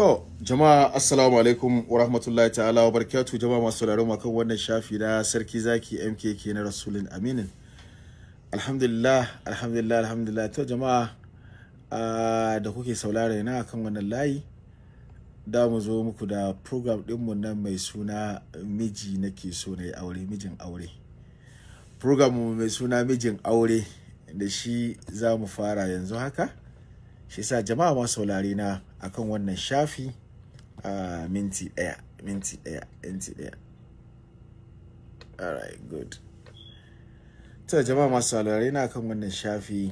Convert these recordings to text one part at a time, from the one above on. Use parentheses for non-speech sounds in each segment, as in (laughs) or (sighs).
To, jama'a assalamu alaikum wa rahmatullahi ta'ala wa barkatu, jama'a masu sauraron mu kan wannan shafi na Sarki Zaki MKK na Rasulun Aminin. Alhamdulillah, alhamdulillah, alhamdulillah. To jama'a da kuke saulare na kan wannan layi da mu zo muku da program din mu nan mai suna miji nake so na aure mijin aure. Program mu mai suna mijin aure da shi za mu fara yanzu haka. Shi sa jama'a masu saurare na akan wannan shafi a ah, minti ɗaya minti ɗaya minti ɗaya alright good ta jama'a masu alwari na akan wannan shafi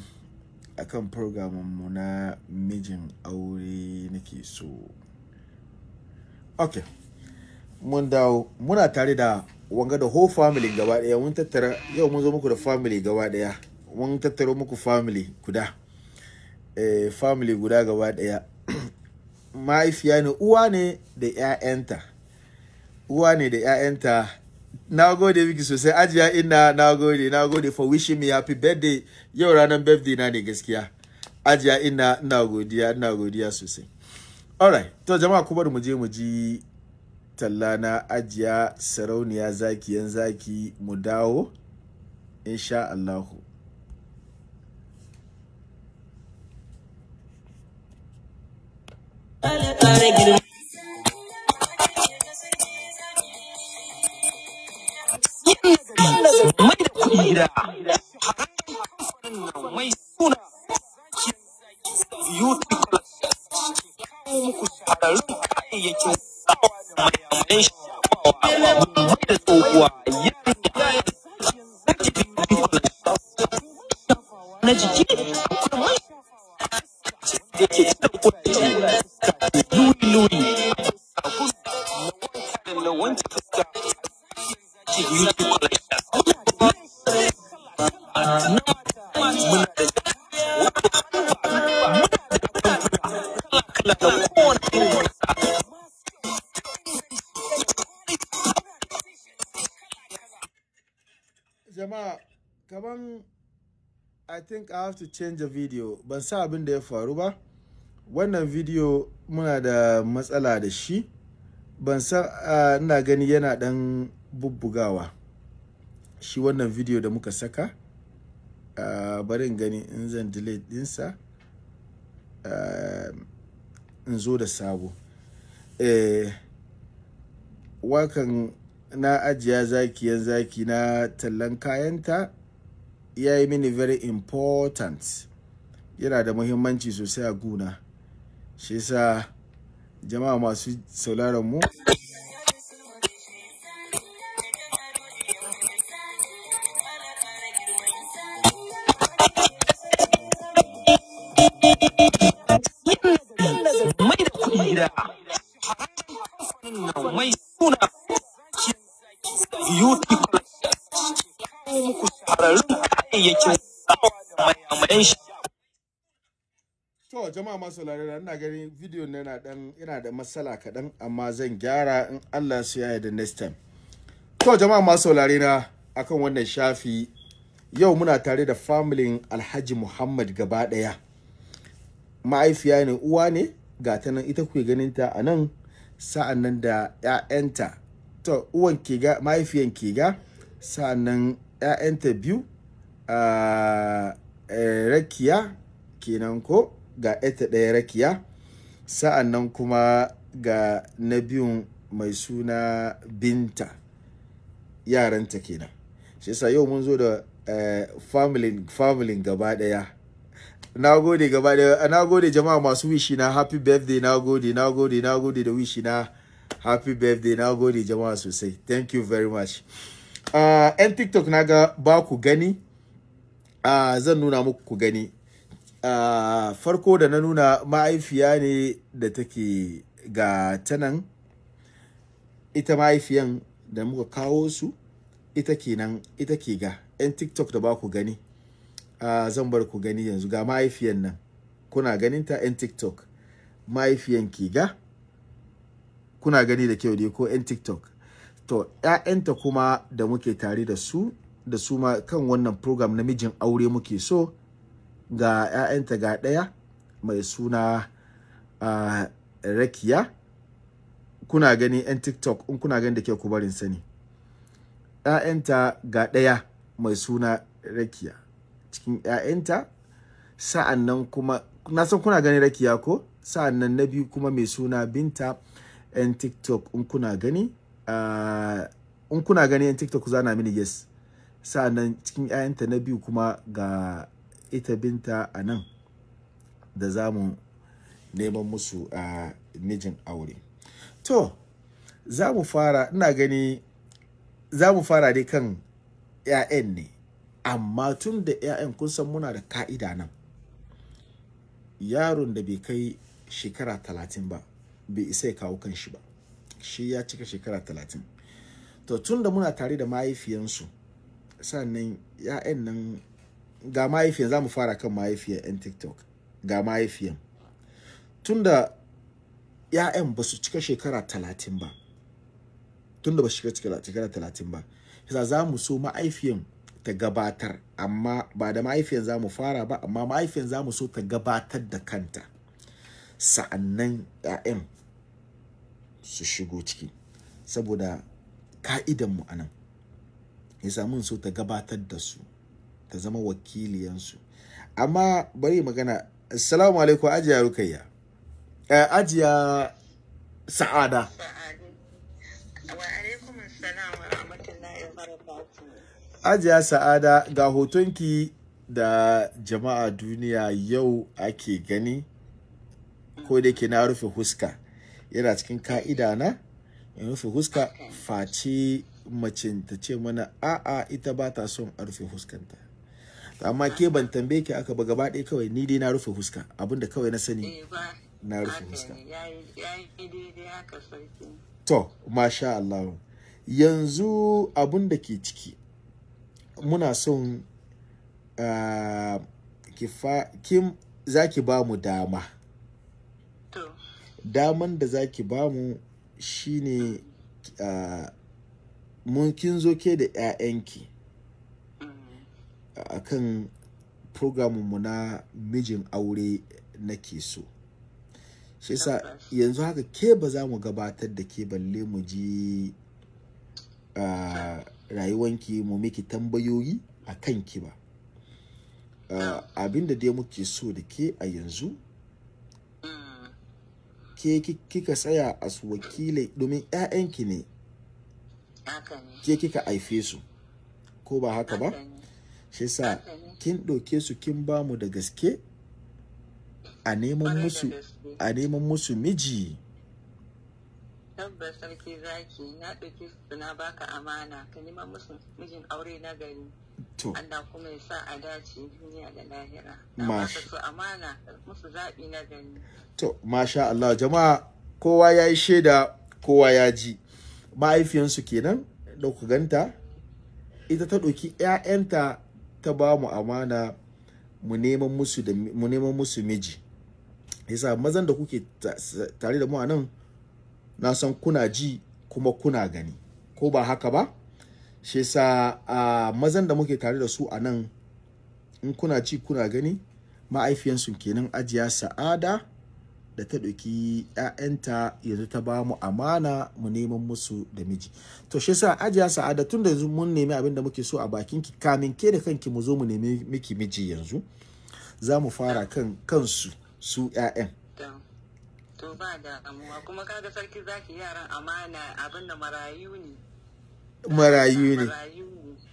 akan programin mu na mijin aure nake so ok mun dawo muna tare da wanga da whole family gaba daya mun tattara yau mun zo muku da family gaba daya mun tattaro muku family guda eh family guda gaba daya mahaifiya ne uwa ne da 'ya'yanta uwa ne da 'ya'yanta na gode miki sosai ajiya ina na gode na gode for wishing me happy birthday yau ranar birthday na ne gaskiya ajiya ina na godiya na godiya sosai alright to jama'a kuma mu je mu ji talla na ajiya sarauniya zaki yan zaki mu dawo insha Allahu mai da kuɗi gida mai suna beauty color kawo muku shahararrun kayayyakin sawa da mayamayan shafawa mai da tsohuwa yarinya na yake kan jama'a kaman I think I have to change the video. Ban sa abin da ya faru ba. Wannan video muna da matsala da shi. Ban san ina gani yana dan bubbugawa. Shi wannan video da muka saka. Uh, bari in gani in zan delete dinsa. Uh, in zo da sabo. Eh, wakan na ajiya zakiyan zaki na tallan kayanta ya yi mini very important yana da muhimmanci sosai a guna shi sa jama'a masu sauraron mu masu na ina ganin video na yana dan yana da matsala kaɗan amma zan gyara in Allah su yaya da next time to jama'a na na akan wannan shafi yau muna tare da familin Alhaji Muhammad gaba ɗaya ma'aifiya ne uwa ne ga ta nan ita kuke ganin ta a nan sa'an da 'ya'yanta to uwan ke ga, mahaifiyan ke sa'an nan 'ya'yanta biyu a ah, eh, rakiya kenan ko ga ita ɗaya rakiya sa'an nan kuma ga na biyun mai suna binta yaranta kenan shi yasa yau mun zo da eh, familin gaba ɗaya na gode gaba ɗaya na gode jama'a masu wishi na happy birthday na gode na gode na gode da wishi na happy birthday na gode jama'a sosai thank you very much ah, yan uh, tiktok na ga ba ku gani uh, zan nuna muku ku gani farko da na nuna ma'aifiya ne da take ga tanan ita ma'aifiyan da muka kawo su ita kenan ita ke ga 'yan tiktok da ba ku gani zan bar ku gani yanzu ga ma'aifiyan nan kuna ganin ta 'yan tiktok mahaifiyan ke ga kuna gani da kyau ne ko 'yan tiktok to 'ya'yanta kuma da muke tare da su da su ma kan wannan program namijin aure muke so ga 'ya'yanta ga ɗaya mai suna uh, rakiya kuna gani 'yan tiktok in kuna gani da ke kubarin sani 'ya'yanta ga ɗaya mai suna rakiya cikin 'ya'yanta sa'an nan kuma na san kuna gani rakiya ko sa'an nan na biyu kuma mai suna binta 'yan tiktok in kuna gani in uh, kuna gani 'yan tiktok zana mini yes sa'an nan cikin 'ya'yanta na biyu kuma ga ita binta a nan da za mu neman musu a mijin aure to za mu fara ina gani za mu fara dai kan 'ya'yan ne amma tun da 'ya'yan kun san muna da ka'ida nan yaron da bai kai shekara talatin ba bai isa ya kawo kan shi ba shi ya cika shekara talatin to tun da muna tare da mahaifiyansu sannan 'ya'yan nan ga mahaifiyan za mu fara kan mahaifiyan 'yan tiktok ga Tun da ya'yan ba su cika shekara talatin ba tun da ba su cika shekara talatin ba yasa za mu so mahaifiyan ta gabatar amma ba da mahaifiyan za mu fara ba amma mahaifiyan za mu so ta gabatar da kanta sa'annan 'ya'yan su shigo ciki saboda ka'idanmu a nan ya samu so ta gabatar da su ta zama wakiliyansu amma bari magana assalamu alaikum ajiya rukayya eh, ajiya sa'ada ajiya sa'ada ga hotonki da jama'a duniya yau ake gani ko da ke na rufe huska yana cikin ka'ida na in rufe huska face macin ta ce mana a'a ita ba ta son a rufe huskanta amma ke ban tambaye ki aka ba gaba ɗaya kawai ni dai na rufe fuska abinda kawai na sani eh, na rufe fuska to masha Allah yanzu abin ke ciki muna son ah, kim za ki ba mu dama daman da za ki ba mu shine ah, mun kin zo ke da 'ya'yanki akan mu na mijin aure nake so shi yasa yanzu haka ke ba za mu gabatar da ke balle mu ji rayuwanki mu miki tambayoyi a kanki ba ah. abinda dai muke so da ke a yanzu hmm. ke kika tsaya a su wakilai domin 'ya'yanki ne ke kika haife su ko ba haka ba? shi sa kin ɗauke su kin ba mu da gaske a neman musu a neman musu miji tabbas sarki zaki na ɗauki su na baka amana ka neman musu mijin aure na gari to Allah kuma ya sa a dace duniya da lahira su amana musu zaɓi na gari to masha Allah jama'a kowa ya yi shaida kowa ya ji mahaifiyansu kenan da ku ganta ita ta ɗauki 'ya'yanta ta ba mu amana mu neman musu da mu neman miji yasa mazan da kuke tare da mu anan na san kuna ji kuma kuna gani ko ba haka ba shi yasa a mazan da muke tare da su anan in kuna ci kuna gani ma'aifiyansu kenan ajiya sa'ada da ta ɗauki 'ya'yanta yanzu ta ba mu amana mu neman musu da miji to shi sa ajiya sa'ada tun da yanzu mun nemi abin da muke so a bakin ki kamin ke da kanki mu zo mu nemi miki miji yanzu za mu fara kan kansu su 'ya'yan to ba da amuwa kuma kaga sarki zaki yaran amana abin da marayu ne marayu ne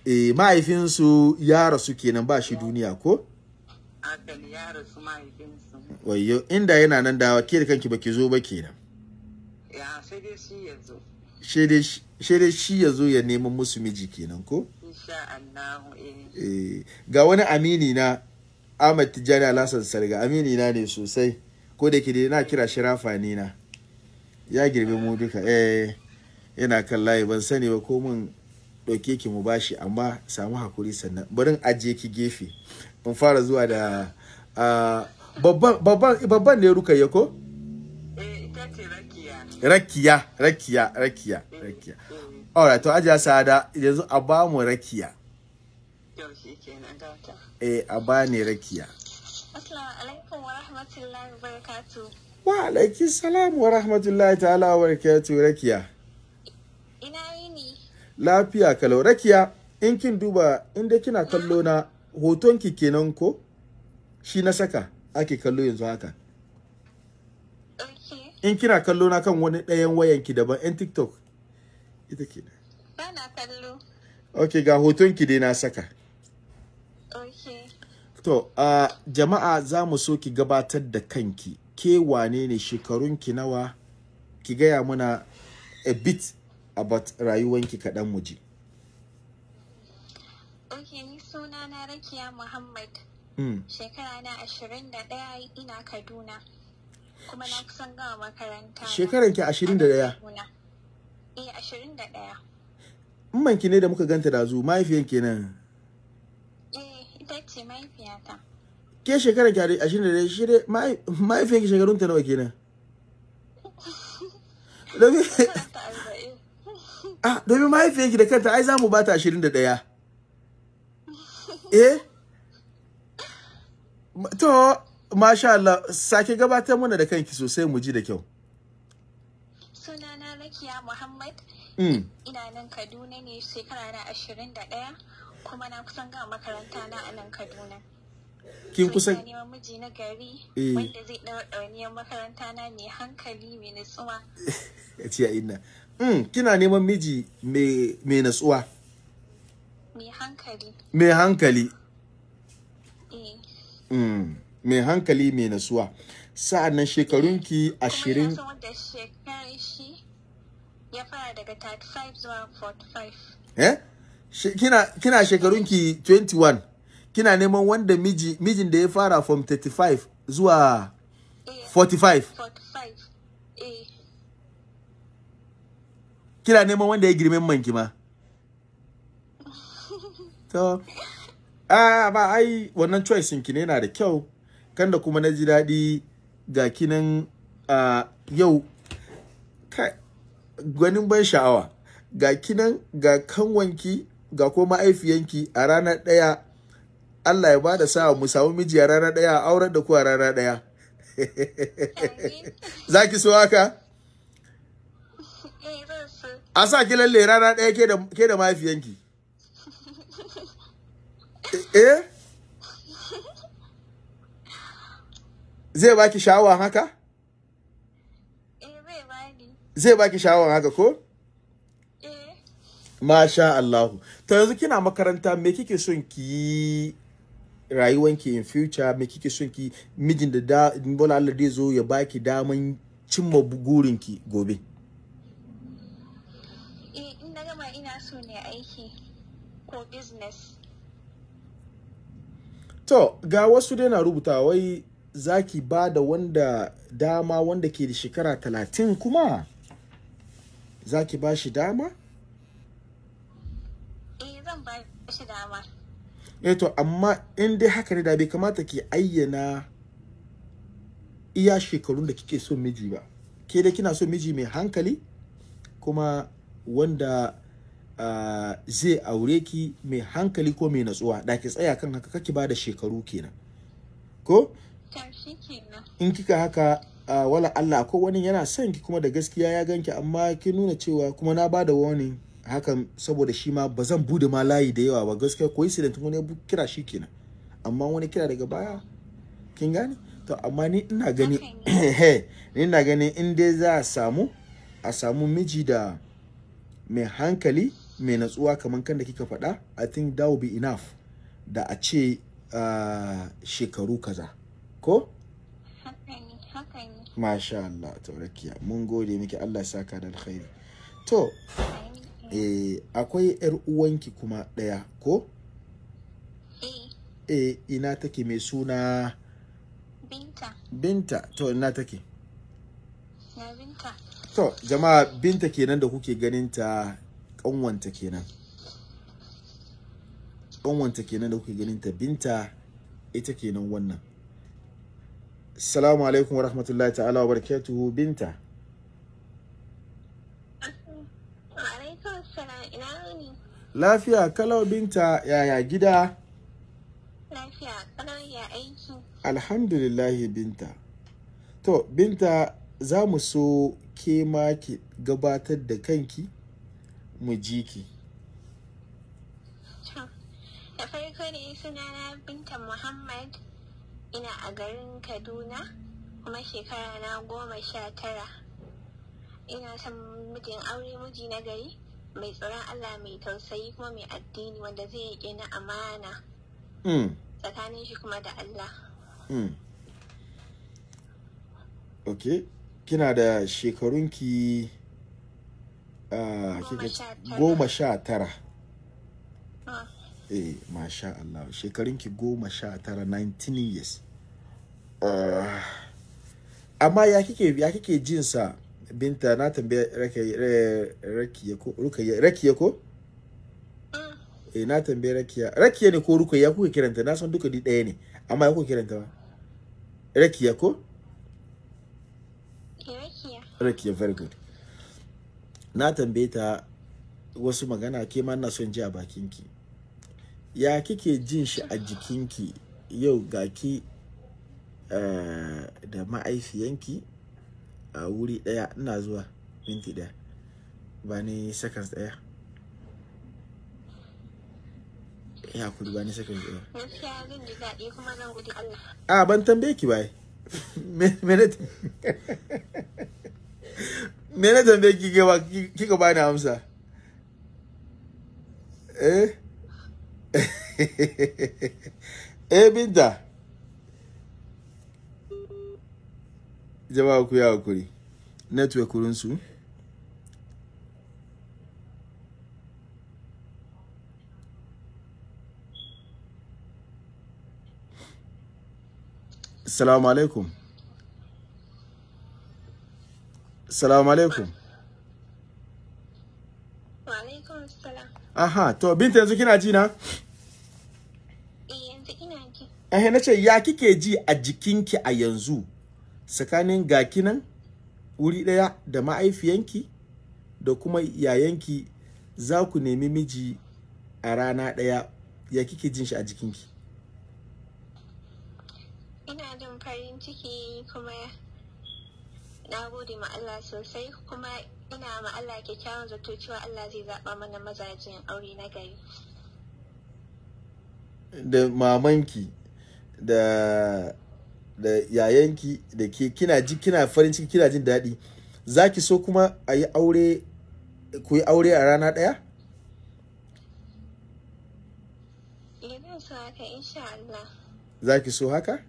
eh mahaifinsu ya rasu kenan ba shi duniya ko akan yara su mahaifinsu wayo inda yana nan dawa ke da kanki baki zo ba kenan ya sai dai shi yanzu shi dai shi ya zo ya neman musu miji kenan ko eh. Eh, ga wani amini na Ahmad Tijani Alhassan Sarga amini na ne sosai ko da ke da na kira shi ne na ya girbe mu duka eh yana kan layi ban sani ba ko mun ɗauke ki mu bashi amma samu hakuri sannan barin ajiye ki gefe in fara zuwa da ah, babban ne rukayya ko eh, rakiya rakiya rakiya rakiya mm. alright to ajiya sada yanzu a ba mu rakiya eh a ba ne rakiya wa rahmatullahi wa wa salam wa rahmatullahi ta'ala wa barakatuh rakiya ina yini lafiya kalau rakiya in kin duba inda kina kallo na hoton ki kenan ko shi na saka ake kallo yanzu haka in kina kallo na kan wani ɗayan wayan ki daban yan tiktok ita ke ba kallo ok ga hoton ki dai na saka to uh, jama'a za mu so ki gabatar da kanki ke wane ne shekarunki nawa ki gaya muna a bit about rayuwanki kaɗan mu ji. Ok, ni suna na Rakiya Muhammad. Mm. Shekara na ashirin da ɗaya ina Kaduna. Kuma na kusan gama makaranta. Shekaran ki ashirin da ɗaya? Eh ashirin da ɗaya. Mman ki ne da muka ganta da zu mahaifiyan nan. Eh ita ce mahaifiyata. Ke shekaran ki ashirin da ɗaya shi mahaifiyan ki shekarun ta nawa kenan? (laughs) Domin ah, ki da kanta ai za mu ba ta ashirin da ɗaya. (laughs) Eh? to masha Allah sake gabatar mana da kanki sosai mu ji da kyau sunana Rakiya Muhammad mm. ina nan Kaduna ne shekara na ashirin da ɗaya, kuma na kusan ga makaranta na a nan Kaduna kin kusan neman miji na gari eh. wanda zai dawo ɗawainiyar makaranta na mai hankali mai natsuwa (laughs) ya inna mm kina neman miji mai natsuwa mai hankali mai hankali Mm. Mai hankali mai nasuwa. Sa'an nan shekarunki ashirin. fara eh? Kina, kina shekarunki 21. Kina neman wanda mijin da ya fara from 35 zuwa 45. Eh, 45. Eh. Kina neman wanda ya girmen manki ma. (laughs) to. a ba ai wannan choice ki ne yana da kyau kan da kuma na ji daɗi ga kinan yau gwanin ban sha'awa ga kinan ga kanwanki ga ko ma'aifiyanki a ranar ɗaya Allah ya bada sa'a mu samu miji a rana ɗaya a aurar da ku a rana ɗaya za ki so haka eh, a sa ki lalle rana ɗaya ke da mahaifiyanki eh zai baki shawara haka eh, zai baki shawara haka ko eh. Masha Ta To yanzu kina makaranta me kike son ki rayuwanki in future me kike son ki mijin da da bola Allah zo ya baki daman cimma bugurinki gobe. Eh in na gama ina so ne aiki ko business. to ga wasu dai na rubuta wai zaki ba da wanda dama wanda ke da shekara talatin kuma zaki ba shi dama? eh, eh to amma in dai haka ne da bai kamata ki ayyana iya shekarun da kike so miji ba ke da kina so miji mai hankali kuma wanda zai aure ki mai hankali ko mai natsuwa da ki tsaya kan haka kake bada shekaru kenan ko in kika haka uh, wala Allah ko wani yana son ki kuma da gaskiya ya ganki amma ki nuna cewa kuma na bada wani hakan saboda shi ma ba zan bude ma layi da yawa ba gaskiya coincident wani kira shi kenan amma wani kira daga baya kin gane to amma ni ina gani (coughs) ni ina gani in dai za a samu a samu miji da mai hankali mai natsuwa kamar kan da kika faɗa i think that will be enough da a ce uh, shekaru kaza ko Masha Allah, taurakiya mun gode miki Allah ya saka da alkhairi. To, eh, akwai ‘yar uwanki kuma ɗaya ko? Eh. eh, ina take mai suna? Binta. Binta, to ina take? Na Binta. To, jama'a Binta kenan da kuke ganin ta ƙanwanta kenan ƙanwanta kenan da kuke ganin ta binta ita kenan wannan Assalamu alaikum wa rahmatullahi ta'ala wa barakatuhu binta Lafiya kalau binta yaya gida Lafiya kalau ya aiki Alhamdulillahi binta To binta za mu so ke ma ki gabatar da kanki mu ji ki da farko ne sunana binta muhammad ina a garin kaduna kuma shekara na goma sha tara ina son mijin aure miji na gari mai tsoron allah mai tausayi kuma mai addini wanda zai yi na amana mm. tsakanin shi kuma da allah mm. ok kina da shekarunki Ah, goma sha tara ah. eh masha Allah shekarunki goma sha tara 19 years ah, amma ya kike ya kike jin sa binta na tambaye rakiya ko rukayya rakiya ko eh na tambaye rakiya rakiya ne ko rukayya kuka kiranta na san duka di ɗaya ne amma ya kuka kiranta ba rakiya ko rakiya very good na tambaye ta wasu magana ke ma na son ji a bakinki ya kike jin shi a jikinki yau ga ki uh, da ma'aifiyanki a uh, wuri daya ina zuwa minti daya ba ni seconds daya ya kudu ba ni seconds daya a ban tambaye ki bai (laughs) me ne (laughs) me na tambaye kike ba kika bani amsa eh (laughs) eh binta jama'a ku ya hakuri network wurin su Assalamu alaikum. Salamu alaikum. Wa Aha, to binta yanzu kina ji na? Eh, yanzu ina ji. nace ya kike ji a jikinki a yanzu? Tsakanin gakinan wuri daya da ma'aifiyanki da kuma yayanki za ku nemi miji a rana daya ya kike jin shi a jikinki? Ina jin farin ciki kuma na gode ma Allah sosai kuma ina ma Allah kyakkyawan zato cewa Allah zai zaɓa mana mazajin aure na gari da mamanki da da yayanki da ke kina ji kina farin ciki kina jin daɗi za ki so kuma a yi aure ku yi aure a rana ɗaya? Eh, za ki so haka?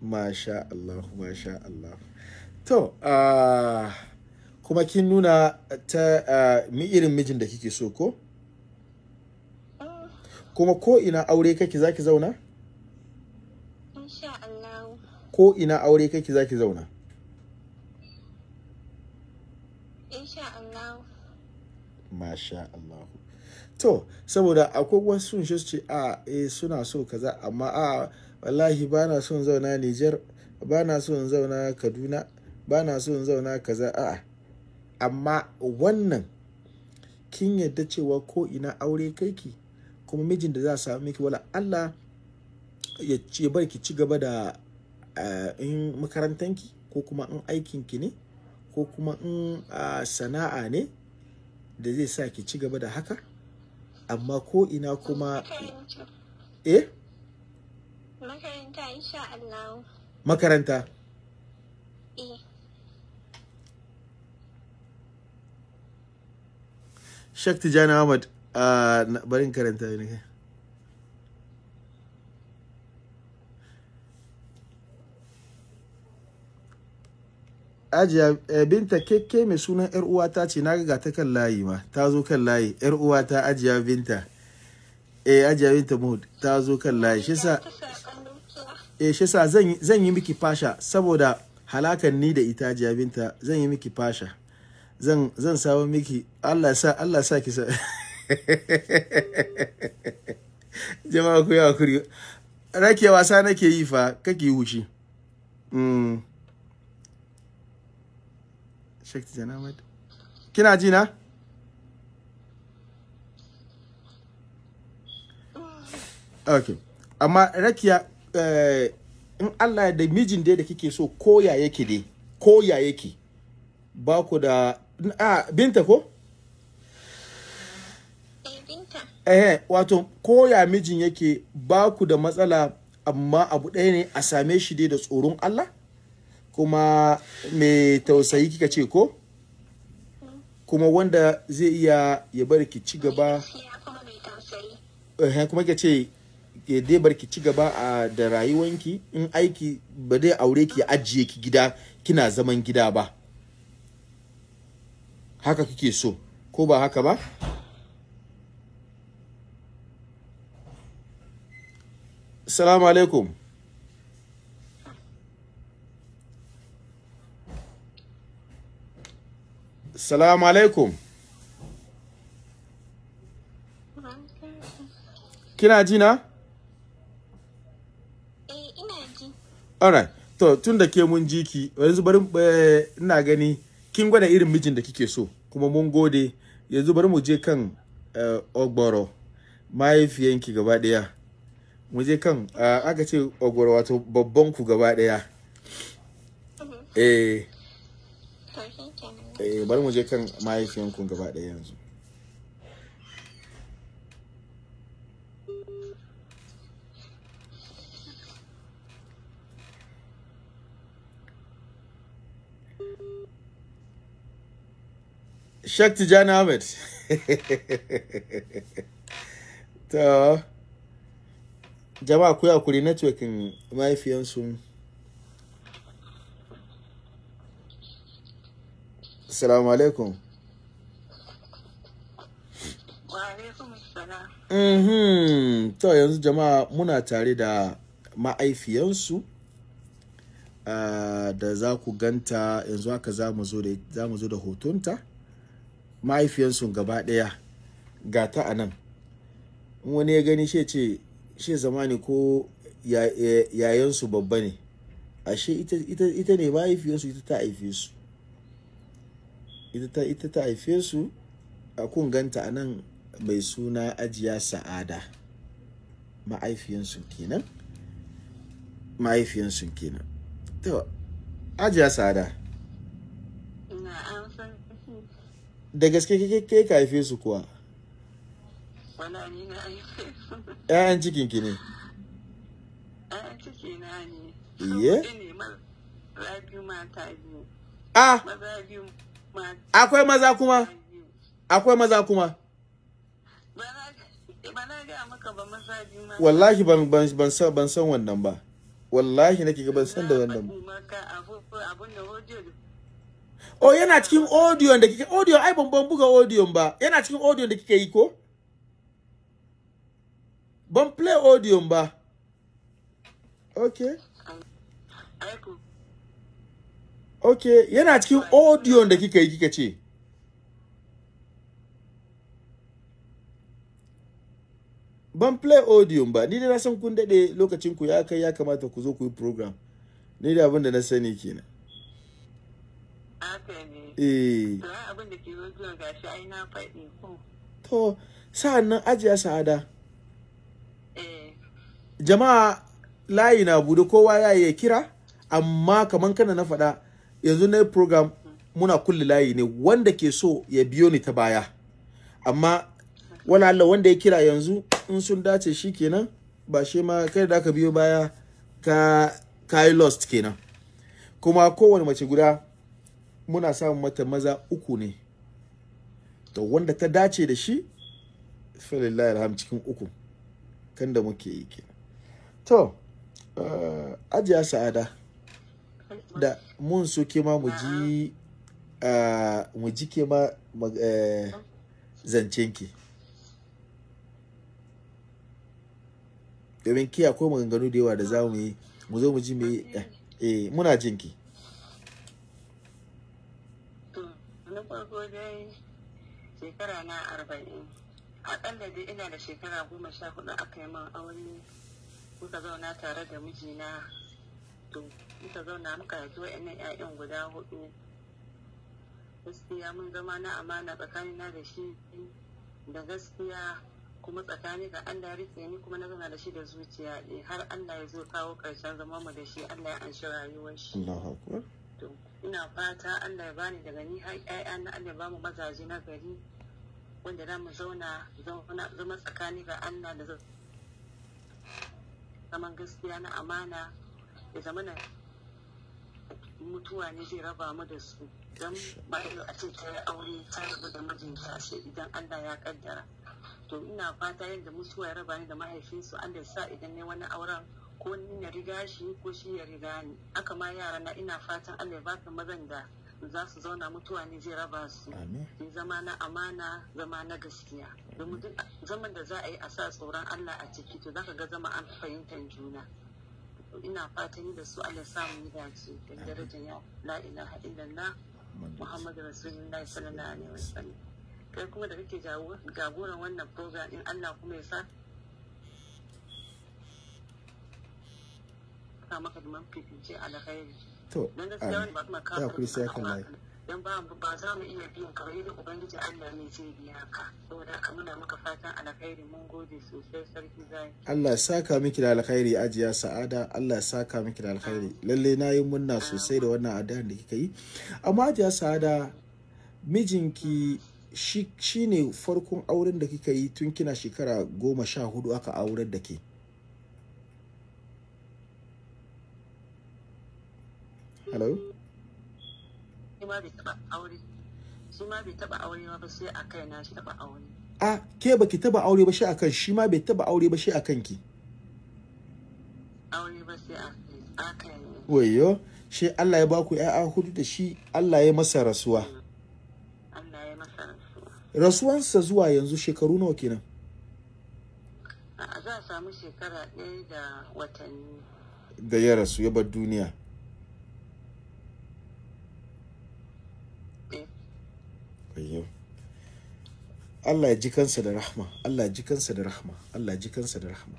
masha Allah masha Allah to uh, kuma kin nuna ta uh, mi irin mijin da kike so ko kuma ko ina aure kake zaki zauna ko ina aure kake zaki zauna masha Allah to saboda akwai wasu sun ce a ah, eh suna so kaza amma a ah, wallahi ba na son zauna Nijar ba na son zauna Kaduna ba na son zauna kaza a'a amma wannan kin yadda cewa ko ina aure kai ki kuma mijin da za a samu miki wala Allah ya ce bar ki ci gaba da eh, in makarantanki ko kuma in aikinki ne ko kuma in ah, sana'a ne da zai sa ki ci gaba da haka amma ko ina kuma eh Makaranta insha Allah. Makaranta? Eh. Shek Tijani Ahmad, uh, barin karanta ne. ajiya eh, binta keke mai sunan yar uwata ce na ga ta kan layi ma ta zo kan layi yar ta ajiya binta eh ajiya ta muhud ta zo kan layi shi sa eh shi sa zan yi miki fasha saboda halakan ni da ita ajiya ta zan yi miki fasha zan zan sawo miki Allah sa Allah sa ki sa (laughs) jama'a ku yawa kuri rake wasa nake yi fa kake wuce mm Shakti Janamad. Kina ji na? okay amma rakiya eh, in Allah da mijin dai da kike so koya yake dai koya yake ba ku da a binta ko eh wato koya mijin yake ba ku da matsala amma abu ɗaya ne a same shi dai da tsoron Allah kuma mai tausayi kika ce ko kuma wanda zai iya ya bar ki ci gaba kuma kika ce ya dai bar ki ci gaba a da rayuwanki in aiki ba dai aure ki ajiye ki gida kina zaman gida ba haka kike so ko ba haka ba Assalamu alaikum Assalamu alaikum Kina ji na? alright to tun da ke mun ji ki yanzu bari eh, ina gani kin gwada irin mijin da kike so kuma mun gode yanzu bari mu je kan eh, ogboro mahaifiyanki gaba daya mu je kan eh, aka ce ogboro wato babban ku gaba daya mm-hmm. eh eh bari mu je kan mahaifiyanku gaba daya yanzu Shek Tijani Ahmed. to, jama'a ku yakuri networking mahaifiyansu. Assalamu alaikum. mm To yanzu jama'a muna tare da ma'aifiyansu ah, da za ku ganta yanzu haka za mu zo da hotonta. mahaifiyansu gaba ɗaya ga ta a nan in wani ya gani shi ce shi zamani ko yayansu babba ne ashe ita ne mahaifiyarsu ita ta haife su ita ta haife su a kun ganta a nan mai suna ajiya sa'ada mahaifiyansu kenan ma'aifiyansu kenan to ajiya sa'ada da gaske kike kai ka haife su kuwa wala ni na haife su (laughs) ƴaƴan cikin ki ne ƴaƴan ciki na ne iye maza biyu mata biyu ah maza biyu mata akwai maza kuma akwai maza kuma wallahi ban ban ban san ban san wannan ba wallahi nake ga ban san da wannan ba o oh, yana cikin audio da kike audio ai ban buga audio ba yana cikin audio da kike yi ko ban play audio ba okay okay yana cikin audio da kike yi kike ce ban play audio ba ni da na san kun daɗe lokacin ku ya kai ya kamata ku zo ku yi program ni da abin da na sani kenan Eh. to sa'an nan ajiya sa'ada eh. jama'a layi na bude kowa ya yi kira amma kamar kana na faɗa yanzu na program muna kulle layi ne wanda ke so ya biyo ni ta baya amma wala Allah wanda ya kira yanzu in sun dace shi kenan ba shi ma kai da aka biyo baya ka yi lost kenan kuma kowane mace guda muna samun mata maza uku ne to wanda ta dace da shi falillahi alham cikin uku kan da muke yi ke to uh, eh, ajiya sa'ada da mun so ke ma mu ji eh, mu ji ke ma uh, ki domin ki akwai maganganu da yawa da za mu yi mu zo mu ji me eh muna jinki farko dai shekara na arba'in akalla dai ina da shekara goma sha hudu aka yi min aure muka zauna tare da mijina to muka zauna muka haifi wa'annan 'ya'yan guda hudu gaskiya mun zama na amana tsakanina da shi da gaskiya kuma tsakani ga Allah ya rike ni kuma na zauna da shi da zuciya ɗaya har Allah ya zo kawo ƙarshen zama mu da shi Allah ya anshi rayuwar shi. ina fata Allah ya bani daga ni har yaya na Allah ya bamu mazaje na gari wanda za mu zauna zama tsakani ga Allah da zaman gaskiya na amana da zamana mutuwa ne zai raba mu da su don ba a ce ta yi aure ta rabu da mijinta sai idan Allah ya kaddara to ina fata yadda mutuwa ya raba ni da mahaifinsu Allah ya sa idan ne wani auren ko ni na riga shi ko shi ya riga ni aka ma yara na ina fatan Allah ya baka mazan da za su zauna mutuwa ne zai raba su zama na amana zama na gaskiya domin duk zaman da za a yi a sa tsoron Allah a ciki to zaka ga zama an fahimtar juna ina fatan da su Allah samu mu su da darajar ya la ilaha illallah muhammadu rasulullah sallallahu alaihi wasallam kai kuma da kake jagoran wannan program in Allah kuma ya sa saka maka to um, ya kuri sai ba ba za mu iya biyan ka ba ubangiji Allah ne zai biya ka saboda haka muna maka fatan alkhairi mun gode sosai sarki zai Allah ya saka miki da alkhairi ajiya sa'ada Allah ya saka miki da alkhairi lalle na yi munna sosai da wannan addu'ar da kika yi amma ajiya sa'ada mijinki shi ne farkon auren da kika yi tun kina shekara goma sha hudu aka aurar da ke. hello ma bai ba sai a taba aure ke baki taba aure ba shi akan shi ma bai taba aure ba shi akan ki aure ba sai a kai wayo shi Allah ya baku ƴaƴa hudu da shi Allah ya masa rasuwa mm. Allah ya masa rasuwa rasuwansa zuwa yanzu shekaru nawa kenan a za a samu shekara ɗaya da watanni da ya rasu ya bar duniya qayyum Allah ya ji kansa da rahma Allah ya ji kansa da rahma Allah ya ji kansa da rahma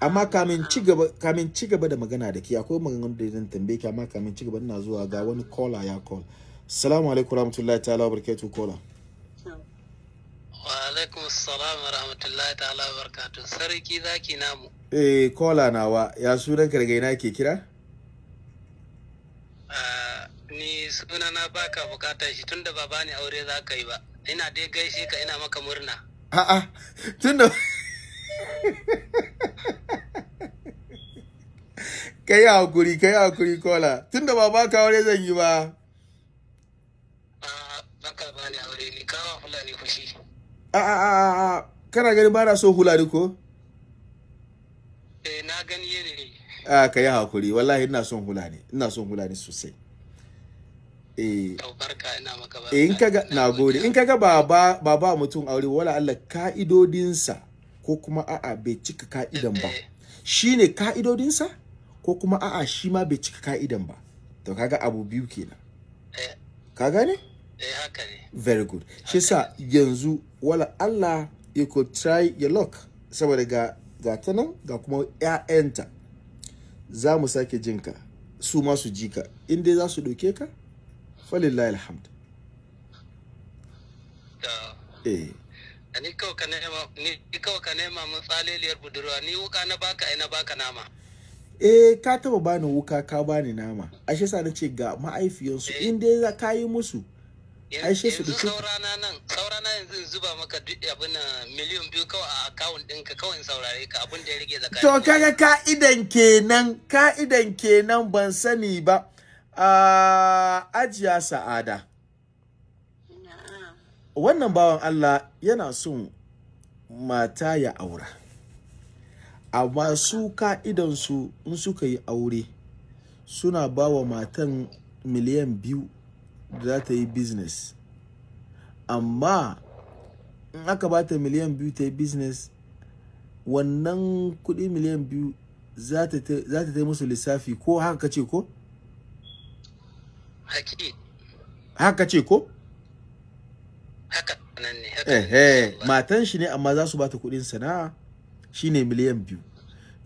amma kamin ci gaba kamin ci gaba da magana da ke akwai maganganun da zan tambaye ki amma kamin ci gaba ina zuwa ga wani caller ya call assalamu alaikum warahmatullahi ta'ala wabarakatuh caller wa alaikum assalam warahmatullahi ta'ala barakatuh sarki zaki namu eh caller nawa ya sunan ka daga ina ke kira suna na baka bukatar shi tunda ba bani aure za ka yi ba ina dai gaishe ka ina maka murna a'a tunda kai hakuri kai hakuri kola tunda ba baka aure zan yi ba baka bani aure ni kawo hula ne kushi a'a a'a kana gani ba na so hula ko eh na gani ne a ah, kai hakuri wallahi ina son hula ne ina son hula ne sosai Eh. eh in kaga nagode in kaga ba ba mutum aure wala Allah ka'idodinsa ko kuma a'a bai cika ka'idan ba eh. shine ka'idodinsa ko kuma a'a shi ma bai cika ka'idan ba to kaga abu biyu kenan eh. ka gane very good shi sa yanzu wala Allah you could try your luck saboda ga ga ta nan ga kuma ƴaƴanta za mu sake jinka su ma su ji ka in dai za su ɗauke ka falillahi alhamd eh ka nema ni budurwa ni wuka na baka ai baka nama eh ka taba bani wuka ka bani nama ashe sa na ce ga ma'aifiyansu eh. in dai za ka yi musu ashe su duk saurana nan saurana yanzu in zuba maka abin miliyan biyu kawai a akawun ɗinka kawai in saurare ka abin da ya rage zakari to kaga ka'idan kenan ka'idan kenan ban sani ba a ah, ajiya sa'ada wannan bawan Allah yana son mata ya aura amma su ka'idansu in suka yi aure suna ba wa matan miliyan biyu da za ta yi business amma in aka ba ta miliyan biyu ta yi business wannan kudi miliyan biyu za ta ta musu lissafi ko haka ce ko? haka ce ko haka nan ne haka eh eh matan shi ne amma za su bata kuɗin sana'a shine miliyan biyu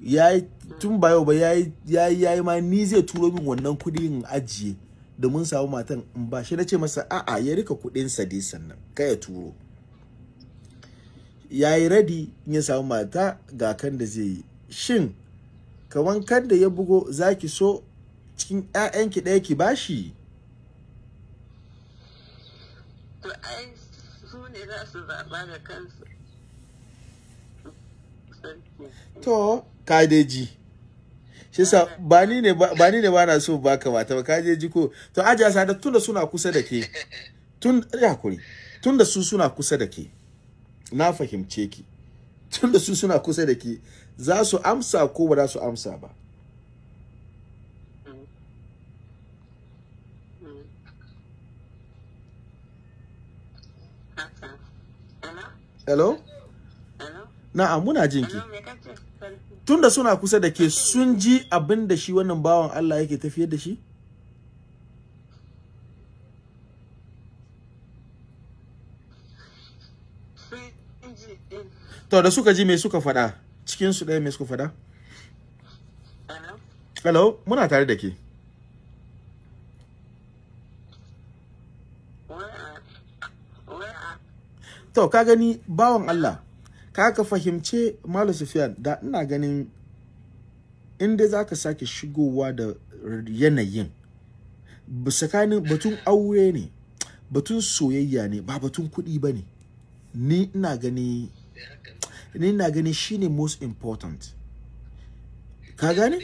yayi tun ba yau ba yayi yayi yayi ma ni zai turo min wannan kuɗi in ajiye mun samu matan in ba shi ce masa a'a ya rika kuɗin sa dai sannan kai ya turo yayi radi in ya samu mata ga kan da zai yi shin kaman kan da ya bugo zaki so cikin 'ya'yanki ɗaya ki bashi to ai su ne za su zaɓa da kansu to kadeji shi sa ba ni ne ba na so ba kamata ba kadeji ko to ajiya tun da suna kusa da ke (laughs) tun ya kuri da su suna kusa da ke na fahimce ki da su suna kusa da ke za su amsa ko ba za su amsa ba hello na'am muna jinki tunda suna kusa da ke sun ji abin da shi wannan bawan Allah yake tafiyar da shi to da suka ji me suka faɗa cikin su ɗaya me suka faɗa hello muna tare da ke to ka gani bawan Allah ka ka fahimce Malam Sufiyan da ina ganin inda za zaka sake shigowa da yanayin tsakanin batun aure ne batun soyayya ne ba batun kuɗi ba ne ni ina gani ni ina gani shine most important ka gane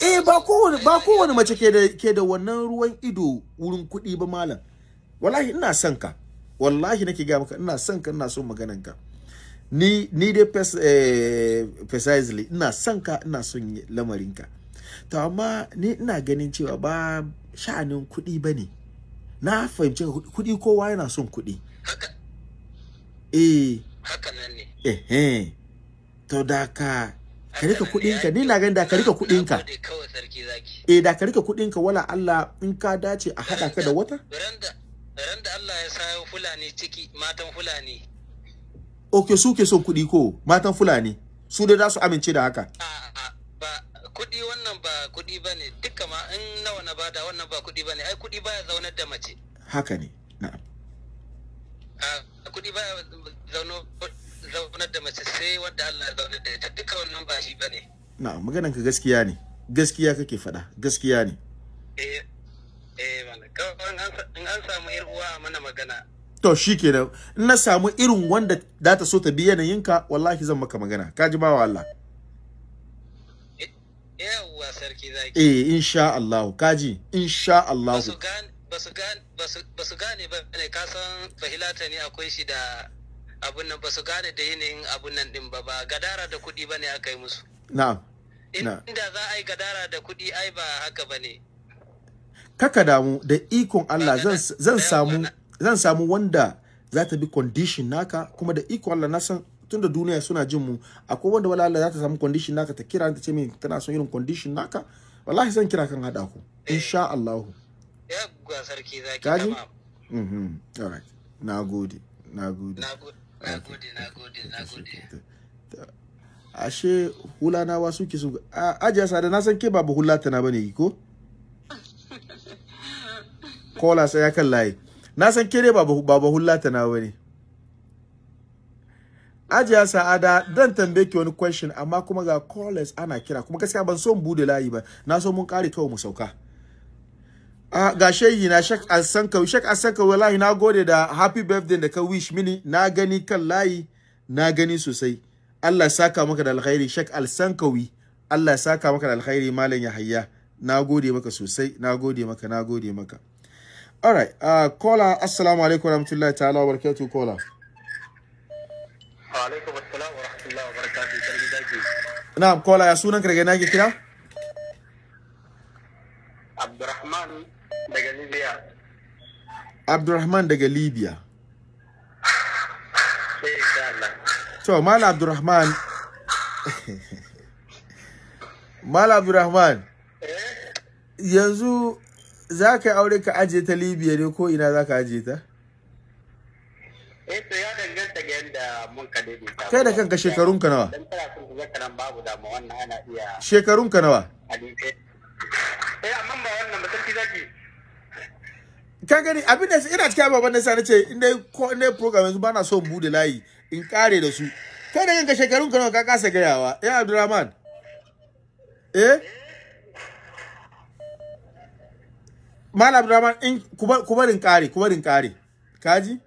eh ba kowane ba kowane mace ke da ke da wannan ruwan ido wurin kuɗi ba malam wallahi ina son ka wallahi nake ga maka ina son ka ina son maganan ka ni ni dai eh, precisely ina son ka ina son lamarin ka to amma ni ina ganin cewa ba sha'anin kuɗi bane na fahimci kuɗi kowa yana son kuɗi eh haka nan ne eh eh to da ka ka rika kuɗinka ni na ganin da ka rika kuɗinka eh da ka rika kuɗinka wala Allah in ka dace a haɗa ka da wata ran da Allah ya sayo fulani ciki matan fulani ok su ke son kuɗi ko matan fulani su da za su amince da haka ba kuɗi wannan ba kuɗi ba ne duka ma in nawa na bada wannan ba kuɗi ba ne ai kuɗi baya zaunar da mace haka ne na'am kuɗi baya zaunar da mace sai wanda Allah ya zaunar da ita duka wannan ba shi ba ne na'am maganan ka gaskiya ne gaskiya kake faɗa gaskiya ne eh Eh, in an samu uwa a mana magana to shi kenan in na samu irin wanda za ta so ta bi yanayinka wallahi zan maka magana ka ji bawa Allah eh, yawwa sarki zaki eh insha Allah kaji insha Allah basu gane basu gane ba ne ka san ne akwai shi da abun nan basu gane da yanayin abun nan din ba ba gadara da kuɗi ne aka yi musu na'am inda za a yi gadara da kuɗi ai ba haka ba ne. kaka damu da ikon Allah zan samu zan samu wanda za ta bi condition naka kuma da ikon Allah na san tun da duniya suna jin mu akwai wanda wala Allah za ta samu condition naka ta kira ta ce min tana son irin condition naka wallahi zan kira kan hada ku insha Allah yagwa sarki zaki kaji mhm all right gode, na gode. nagode nagode ashe hulanawa suke su ajiya sada na san ke babu hulata na bane ko kola sai kan layi na san kire ba ba hullata na bane Ajiya Sa'ada dan tambaye ki wani question amma kuma ga callers ana kira kuma gaskiya ban so mu bude layi ba na so mun kare kawai mu sauka a ga shehi na shak asanka shak asanka wallahi na gode da happy birthday da ka wish mini na gani kan layi na gani sosai Allah saka maka da alkhairi shak al-sankawi Allah saka maka da alkhairi malam yahaya na gode maka sosai na gode maka na gode maka all right uh, kola assalamu alaikum wa warahmatullahi ta'ala wa barakatuh kola alaikum assalam wa rahmatullahi wa barakatuh sarki zaki na'am kola ya sunan kirge nake kira abdurrahman daga libya abdurrahman daga libya to mala abdurrahman (laughs) mala abdurrahman eh? yanzu za ka yi aure ka ajiye ta libya ne ko ina za ka ajiye ta eto eh, ya danganta ga yadda mun ka daidaita kai da kanka shekarun ka nawa dan tara sun ga karan babu damu wannan ana iya shekarun ka nawa eh, eh amma ba wannan ba sarki zaki kan gani abin da ina cikin ababen da sa nace in dai ko in dai program yanzu bana so bude layi in kare da su kai da kanka shekarun ka nawa ka kasa gayawa eh Abdulrahman eh, eh Mala Abdurrahman in ku barin kare ku barin kare kaji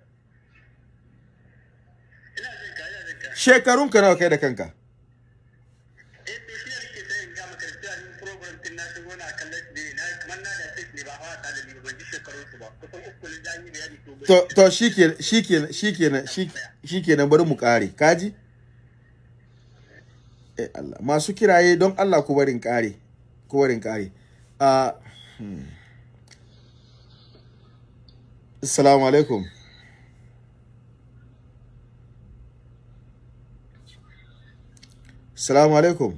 shekarun ka nawa kai da kanka eh, to to shikenan bari mu kare kaji eh, Allah masu kiraye don Allah ku barin kare ku barin kare ah hmm. Assalamu alaikum. Assalamu alaikum.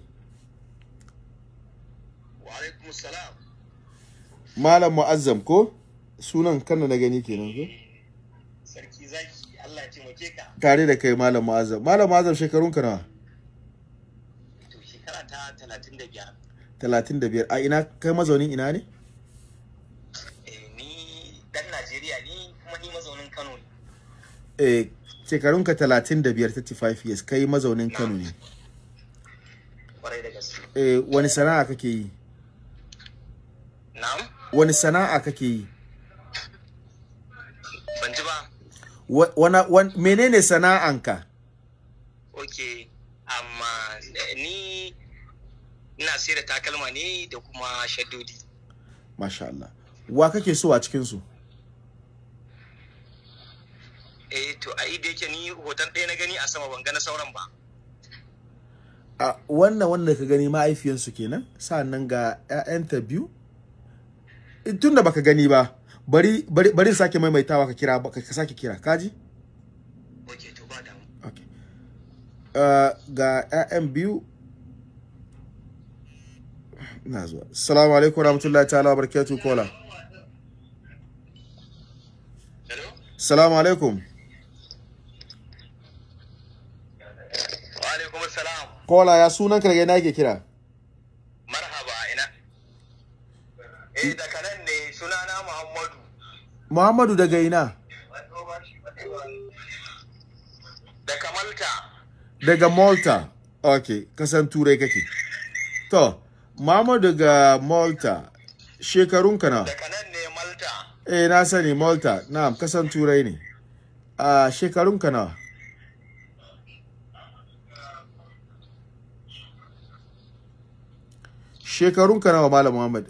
Wa alaikum salam. Malam Mu'azzam ko? Sunan kanna na gani kenan ko? Sarki zaki, Allah ya taimake ka. Tare da kai Malam Mu'azzam. Malam Mu'azzam shekarun ka nawa? To shekara ta 35. 35. A ina kai mazaunin ina ne? eh, shekarunka 35 years kai mazaunin Kano ne eh, wani sana'a kake yi wani sana'a kake yi ban ji ba wana wan, menene sana'anka okay amma eh, ni ina sai da takalma ne da kuma shaddodi masha Allah wa kake so a cikin su eh to ai da yake ni hoton ɗaya na gani a sama ban ga na sauran ba a wannan wanda ka gani ma'aifiyansu kenan sa'annan ga ƴaƴanta biyu eh, tun da baka gani ba bari bari bari sake maimaitawa ka kira ka sake kira kaji okay to ba da okay uh, ga ƴaƴan biyu na zuwa assalamu alaikum warahmatullahi ta'ala wabarakatuh kola Salamu assalamu alaikum Kola ya sunan ka na yake kira? Marhaba ina. Eh daga nan ne sunana Muhammadu. Muhammadu daga ina? Daga Malta. Daga Malta. Ok, kasan turai kake. To, Muhammadu daga Malta, shekarun ka na? Daga nan ne Malta. Eh na sani Malta, na kasan turai ne. A ah, shekarun ka na? shekarun ka nawa malam muhammad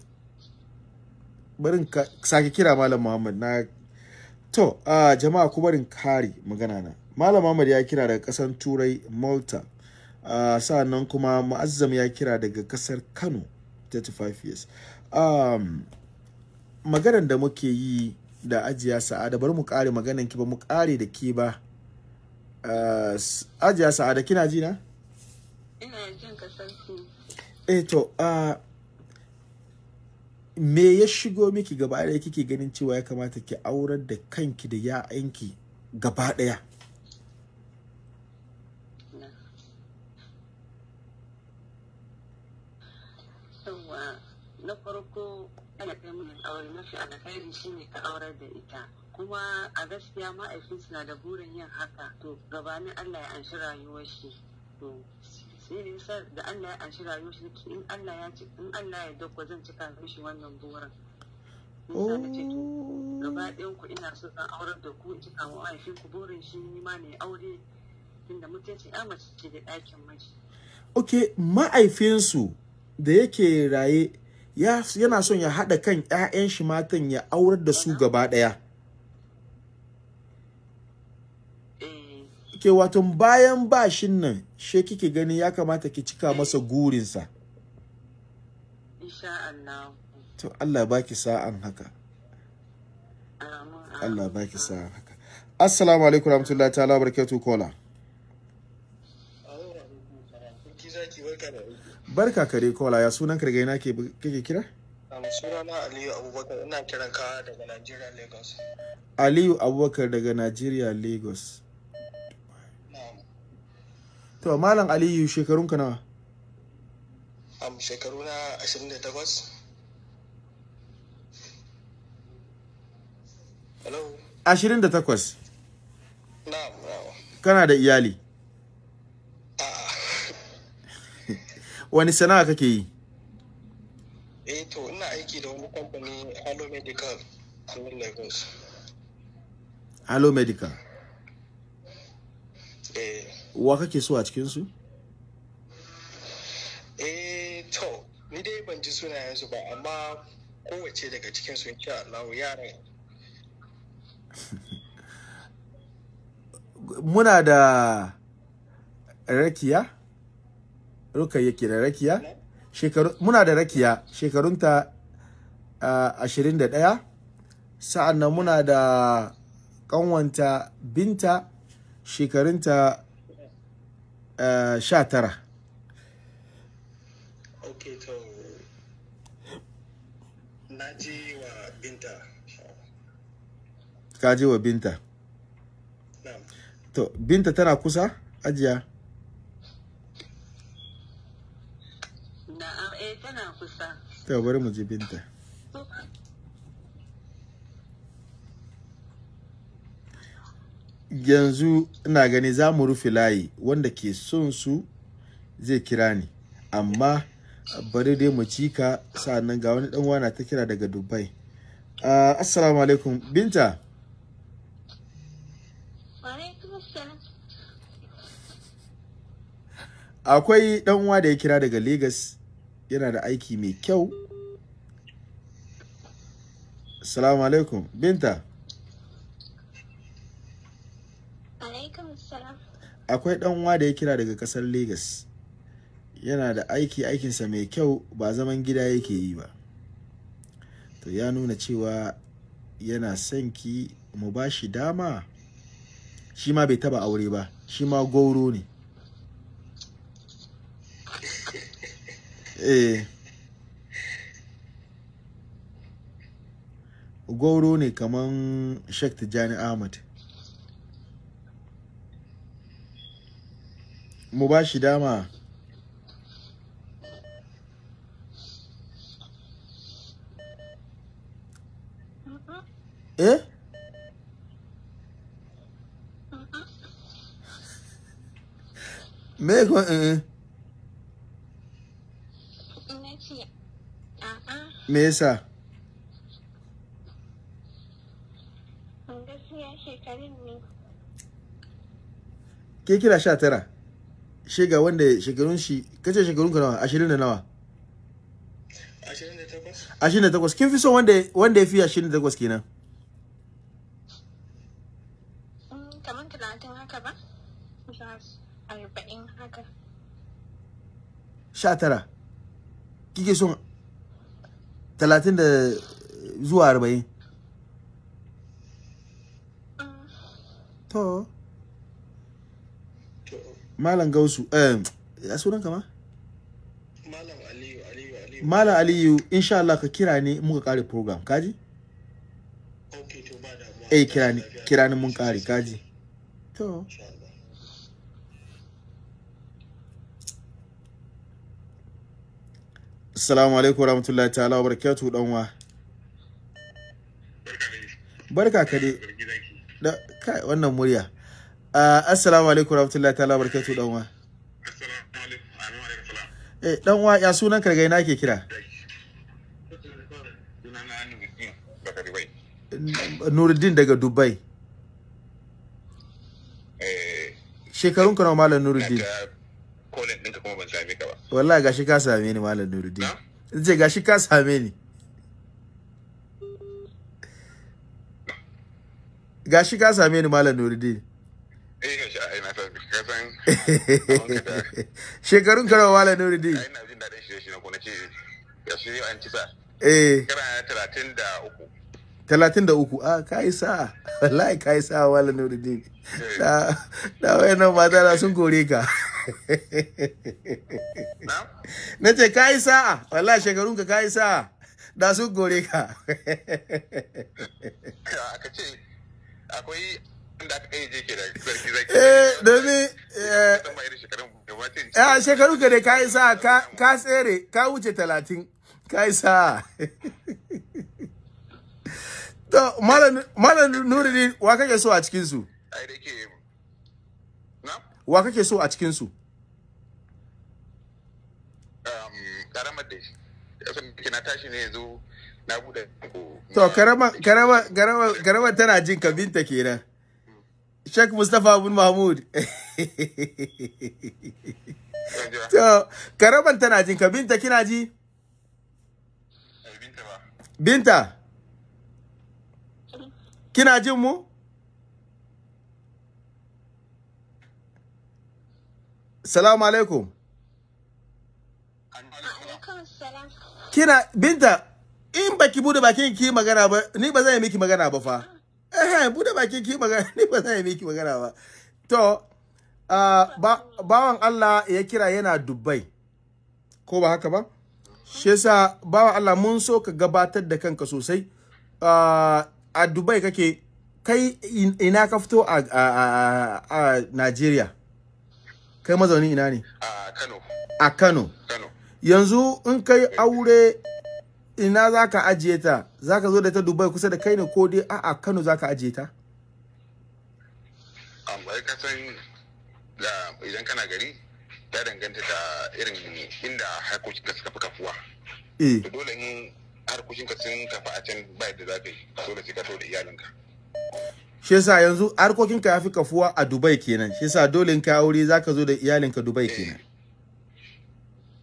barin ka sake kira malam muhammad na to uh, jama'a ku barin kare magana na malam muhammad ya kira daga kasar turai malta uh, sa'annan kuma mu'azzam ya kira daga kasar kano 35 years um, maganar da muke yi da ajiya sa'ada bari mu kare maganan ki ba mu kare da ke ba uh, ajiya sa'ada kina ji na ina jin kasar Eh to me ya shigo miki gaba ɗaya kike ganin cewa ya kamata ki aurar da kanki da ya'yanki gaba ɗaya na farko ana kai mun aure mafi alkhairi shine ka aurar da ita kuma a gaskiya ma'aikin na da burin yin haka to gabanin Allah ya anshi rayuwar shi to shine sar da Allah ya anshi rayu shi in Allah ya ci in Allah ya dauko zan cika mishi wannan burin Nisa ce gaba ɗayan ku ina so zan aurar da ku in cika wa mahaifin ku burin shi ni ma ne aure tunda ce ya mace ce da ɗakin mace. Ok, ma'aifinsu da yake raye yana son ya haɗa kan 'ya'yan shi matan ya aurar da su gaba ɗaya. ke watan bayan bashin nan she kike gani ya kamata ki cika masa gurinsa insha Allah to Allah baki sa'an haka Allah baki sa'an haka assalamu alaikum warahmatullahi ta'ala barakatuh kola barka kare kola ya sunan karge na ke kike kira sunana aliyu abubakar ina kiran ka daga nigeria lagos aliyu abubakar daga nigeria lagos to malam aliyu shekarun ka nawa am shekaru na 28 hello 28 na'am kana da iyali (laughs) wani sana'a kake yi eh to ina aiki da wani kamfani Halo Medical a nan Lagos Halo Medical eh wa kake so a cikinsu? eh to ni dai ban ji sunayensu ba amma kowace daga cikinsu insha Allah yaran (laughs) muna da rakiya ruka yake da rakiya shekaru muna da rakiya shekarunta ashirin da ɗaya sa'an nan muna da ƙanwanta binta shekarunta sha tara ok to na ji wa binta ka ji wa binta to binta tana kusa ajiya na'am eh tana kusa to bari mu ji binta yanzu ina gani za mu rufe layi wanda ke son su zai kira ni amma bari dai mu cika sa'annan ga wani dan wana ta kira daga dubai uh, assalamu alaikum binta akwai dan uwa da ya kira daga lagos yana da aiki mai kyau assalamu alaikum binta akwai dan uwa da ya kira daga kasar Legas yana da aiki aikinsa mai kyau ba zaman gida yake yi ba to ya nuna cewa yana son ki mu ba shi dama shi ma bai taba aure ba shi ma goro ne (laughs) eh goro ne kaman Sheikh Tijjani Ahmad mu ba shi dama eh me ko eh, eh? me yasa ke kira sha tara shega wanda shekarun shi kace shekarun ka nawa ashirin da nawa ashirin da kin fi so wanda wanda ya fi ashirin da takwas kenan mm, sha tara kike son talatin da zuwa arba'in mm. to malam gausu eh ya sunan kama malam aliyu aliyu aliyu malam aliyu insha Allah ka kira ne muka kare program kaji okay to ba da eh kira ne kira ne mun kare kaji to Assalamu alaikum warahmatullahi ta'ala wa barakatuhu danwa Barka ka dai. Da kai wannan murya. Uh, assalamu alaikum rahmatullahi ta'ala barkatu dan wa. Eh dan wa ya sunan ka na ke kira? Nuruddin daga Dubai. Eh shekarun ka nawa malam Nuruddin? Kolin ɗinka kuma ban same ka ba. Wallahi gashi ka same ni malam Nuruddin. Zai gashi ka same ni. Gashi ka same ni malam Nuruddin. (laughs) shekarun karawa wala nuridi ina jin daɗin shirye shirye ko na ce ya su yi an sa. eh kana talatin da uku talatin da uku a ah, kayi sa'a wallahi kayi sa'a wala nuridi da eh. wai wayannan mata na sun kore ka na ce kayi sa. wallahi shekarun ka kayi sa. da sun kore ka (laughs) aka ce akwai Eh, domin eh shekaru eh, ka dai ka sa ka tsere ka wuce talatin ka sa (laughs) to malam nuruddin wa kake so a cikinsu wa kake so a cikinsu um, karamar da shi na tashi ne yanzu na bude to karama tana jin kabinta kenan Sheikh Mustapha bin Mahmud. (laughs) To, karaban tana jin ka binta kina ji? Eh, binta. Kina jin mu? Salamu alaikum. Kina binta in baki bude bakin ki magana ba ni ba zan yi miki magana ba fa. eh bude bakin ki magana (laughs) ni ba zan miki magana ba to ah, bawan Allah ya kira yana Dubai ko ba haka ba shi yasa bawan Allah mun so ka gabatar da kanka sosai ah, a Dubai kake kai ina ka fito a Nigeria kai mazauni ina ne a Kano a Kano yanzu in kai aure ina za ka ajiye ta za ka zo da ta dubai kusa da kai ne ko dai a'a kano za ka ajiye ta ka san idan kana gari ya danganta da irin inda harkokin ka suka fi kafuwa eh. to dole in harkokin ka sun kafa a can ba da za ka yi so da sai ka da iyalinka shi yasa yanzu harkokin ka ya fi kafuwa a dubai kenan shi yasa dole in ka aure za ka zo da iyalinka dubai eh. kenan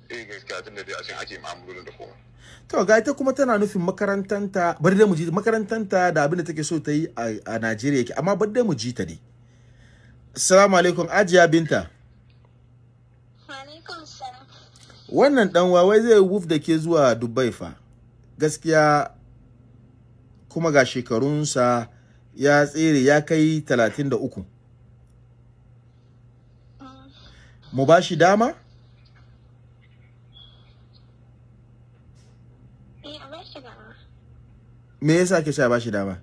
eh gaskiya tunda dai a can ake ma'amalolin da kowa to ga ita kuma tana nufin makarantanta bari da mu ji makarantanta da abin da take so ta yi a Najeriya yake amma bari da mu ji ta ne Assalamu alaikum Ajiya Binta Wannan dan wawai zai wuf da ke zuwa Dubai fa gaskiya kuma ga shekarunsa ya tsere ya kai 33 mm. mu ba shi dama? me yasa ke sha ba shi dama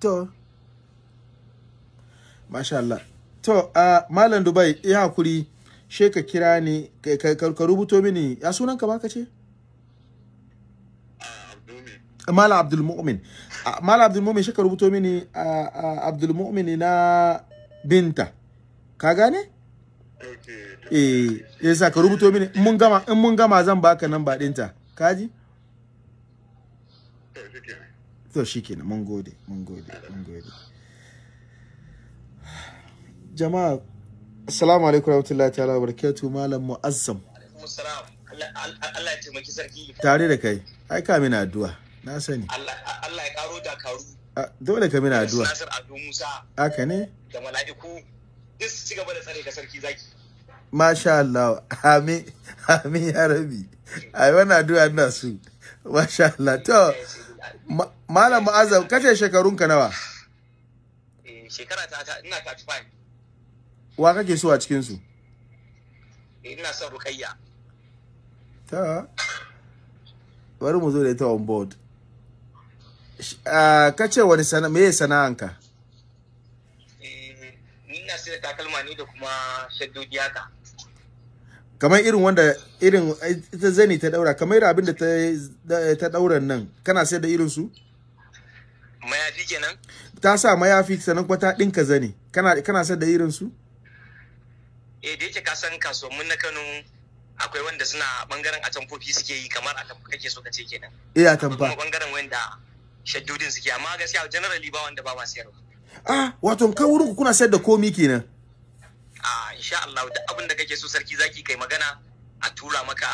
to masha Allah to a malam dubai ya hakuri she ka kira ni ka rubuto mini ya sunan ka baka ce Mala Abdul Mu'min. Mala Abdul Mu'min shi ka rubuto mini Abdul Mu'min na binta. Ka gane? eh yasa ka rubuto mini in mun gama in mun gama zan baka namba ba dinta kaji eh, to shikenan mun gode mun gode mun gode jama'a assalamu alaikum warahmatullahi ta'ala barakatuh malam muazzam Allah ya taimaki sarki tare da kai ai ka mina addu'a na sani Allah ya karo da karu dole ka mina addu'a Nasir Musa haka ne da mala'iku duk su ci gaba da tsare ka sarki zaki Masha Allah, amin, amin ya rabi. Ai wannan addu'a ina so. Masha Allah. To Malam Mu'azzam kace shekarun ka nawa? Eh shekara ta ina 35. Wa kake so a cikin su? Eh, ina son Rukayya. Ta. Bari mu zo da ita on board. Uh, kace wani sana meye sana'anka? Eh na sai takalma ni da kuma shaddodi haka. kamar irin wanda irin ita zani ta daura kamar irin abin da ta ta daura nan kana sai da irin su mayafi kenan ta sa mayafi sanan kuma ta dinka zani kana kana sai da irin su eh da yake ka san mun na Kano akwai wanda suna bangaren atamfofi suke yi kamar atamfofi kake so ka ce kenan eh atamfa kuma bangaren wanda shaddudin suke amma gaskiya generally ba wanda ba ma sayarwa ah wato kan wurin ku kuna sayar da komi kenan a insha Allah duk abin da kake so sarki zaki kai magana a tura maka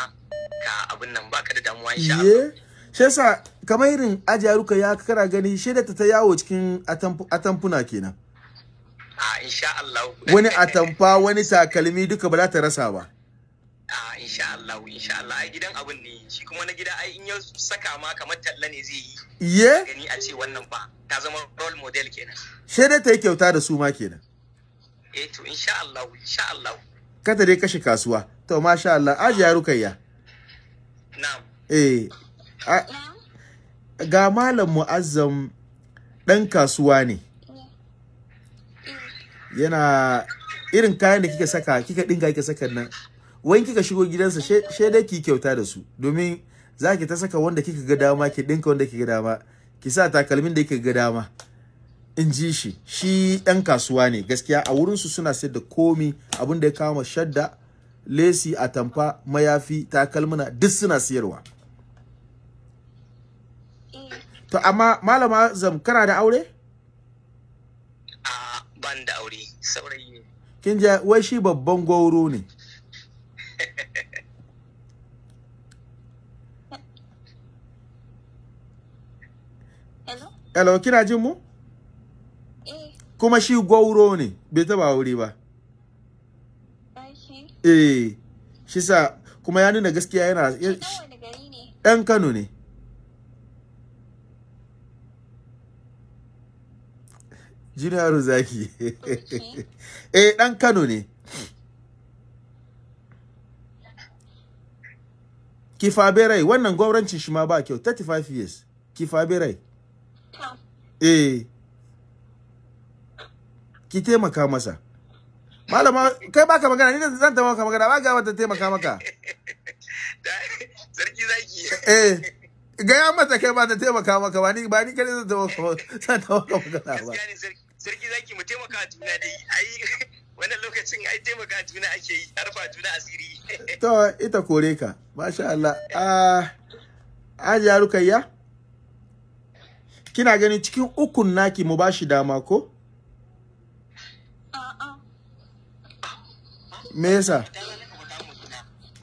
ka abin nan baka da damuwa insha Allah shi yasa kamar irin ajaruka ya kara gani shi da ta yawo cikin atamfuna kenan a insha Allah wani atamfa wani takalmi duka ba za ta rasa ba a insha Allah insha Allah ai gidan abin ne shi kuma na gida ai in ya saka ma kamar talla ne zai yi ye gani a ce wannan ba ta zama role model kenan shi da ta yi kyauta da su ma kenan eh to insha Allah insha Allah kada dai kashe kasuwa to masha Allah ajiya rukayya na'am eh ga malam mu'azzam dan kasuwa ne yana irin kayan da kika saka kika dinga kika saka nan wani kika shigo gidansa shaidai ki kyauta da su domin za ki ta saka wanda kika ga dama ki dinka wanda kika ga dama ki sa takalmin da kika ga dama in ji shi shi ɗan kasuwa ne gaskiya a wurinsu suna sayar da komi abin da ya kama shadda lesi a tamfa mayafi takalmuna duk suna siyarwa. to amma malama zam kana da aure ban da aure saurayi kin je wai shi babban gwauro ne (laughs) Hello, kina jin mu? kuma shi gwauro ne bai taba aure ba eh shi sa kuma ya nuna gaskiya yana ɗan kano ne junior zaki (laughs) eh ɗan kano ne Kifa Berai wannan gwaurancin shi ma ba kyau 35 years Kifa Berai eh ki taimaka masa malama kai baka magana ni zan taimaka magana ba ga wata taimaka maka sarki zaki eh gaya mata kai ba ta taimaka maka ba ni ba ni kare zan taimaka zan taimaka magana ba sarki zaki mu taimaka juna dai ai wannan lokacin ai taimaka juna ake yi harfa juna asiri to ita kore ka masha Allah ah Hajiya Rukayya kina ganin cikin ukun naki mu bashi dama ko me yasa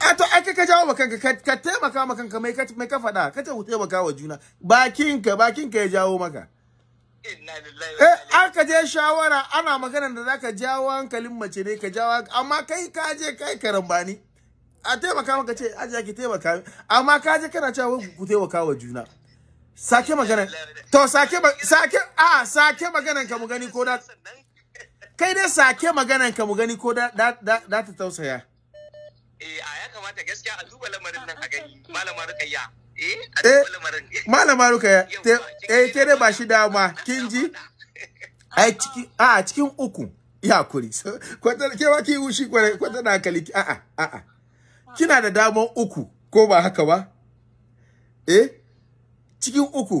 a ah, to ake ka jawo kanka ka taimaka maka kanka mai ka faɗa ka ta taimaka wa juna bakinka bakinka ya jawo maka Eh, aka je shawara ana maganar da zaka jawo hankalin mace ne ka jawo amma kai ka je kai karambani a taimaka maka ce aji ki taimaka amma ka je kana cewa ku taimaka wa juna sake magana to sake sake a sake maganar ka mu gani ko da kai dai sake maganan ka mu gani ko da ta tausaya eh a ya kamata gaskiya a duba lamarin nan a gani malama rukayya eh a duba eh, lamarin malama rukayya eh ke dai ba shi dama kin ji ai cikin a cikin uku ya kuri kwata ke ba ki wushi kwarai kwata da kali a a a a kina da daman uku ko ba haka ba eh cikin uku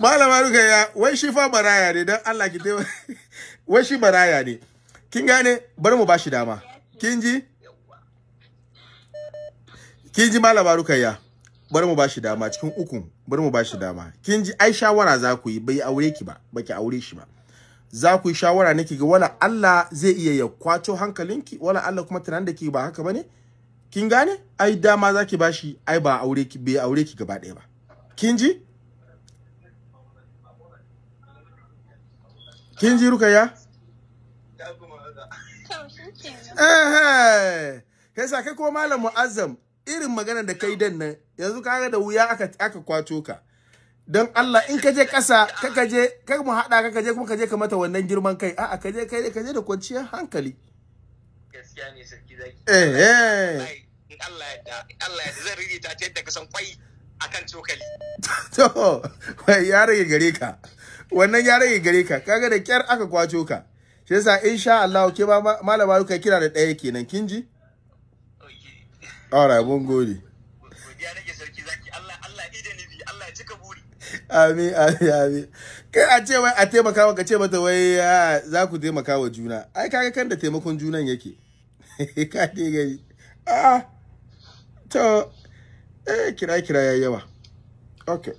malama ya wai shi fa maraya ne dan Allah ki dai (laughs) wai shi maraya ne kin gane bari mu bashi dama kin ji kin ji malama ya bari mu bashi dama cikin uku bari mu bashi dama kin ji ai shawara za ku yi bai aure ki ba baki aure shi ba za ku yi shawara nake ga wala Allah zai iya ya kwato hankalinki wala Allah kuma tunan da ki ba haka bane kin gane ai dama zaki bashi ai ba aure ki bai aure ki gaba ɗaya ba kin ji kin ji rukayya Ka eh, kai sa kai ko malam mu'azzam irin magana da kai dan nan yanzu kaga da wuya aka aka kwato ka don Allah in ka je ƙasa ka je kai mu haɗa ka je kuma ka je ka mata wannan girman kai a'a ka je kai ka je da kwanciyar hankali gaskiya ne sarki zaki eh eh in Allah ya da Allah ya zan rige ta ce da san kwai akan cokali (laughs) to wai ya rage gare ka wannan ya rage gare ka kaga da kyar aka kwato ka shi yasa insha Allah ke ba malama ka kira da ɗaya kenan kin ji Alright, mun gode. Amin, amin, amin. Kai a ce wai a taimaka maka ce mata wai ah, za ku taimaka wa juna. Ai kaga kan da taimakon junan yake. (laughs) Ka dai gani. Ah. To eh kira kira yayyawa. yawa. Okay.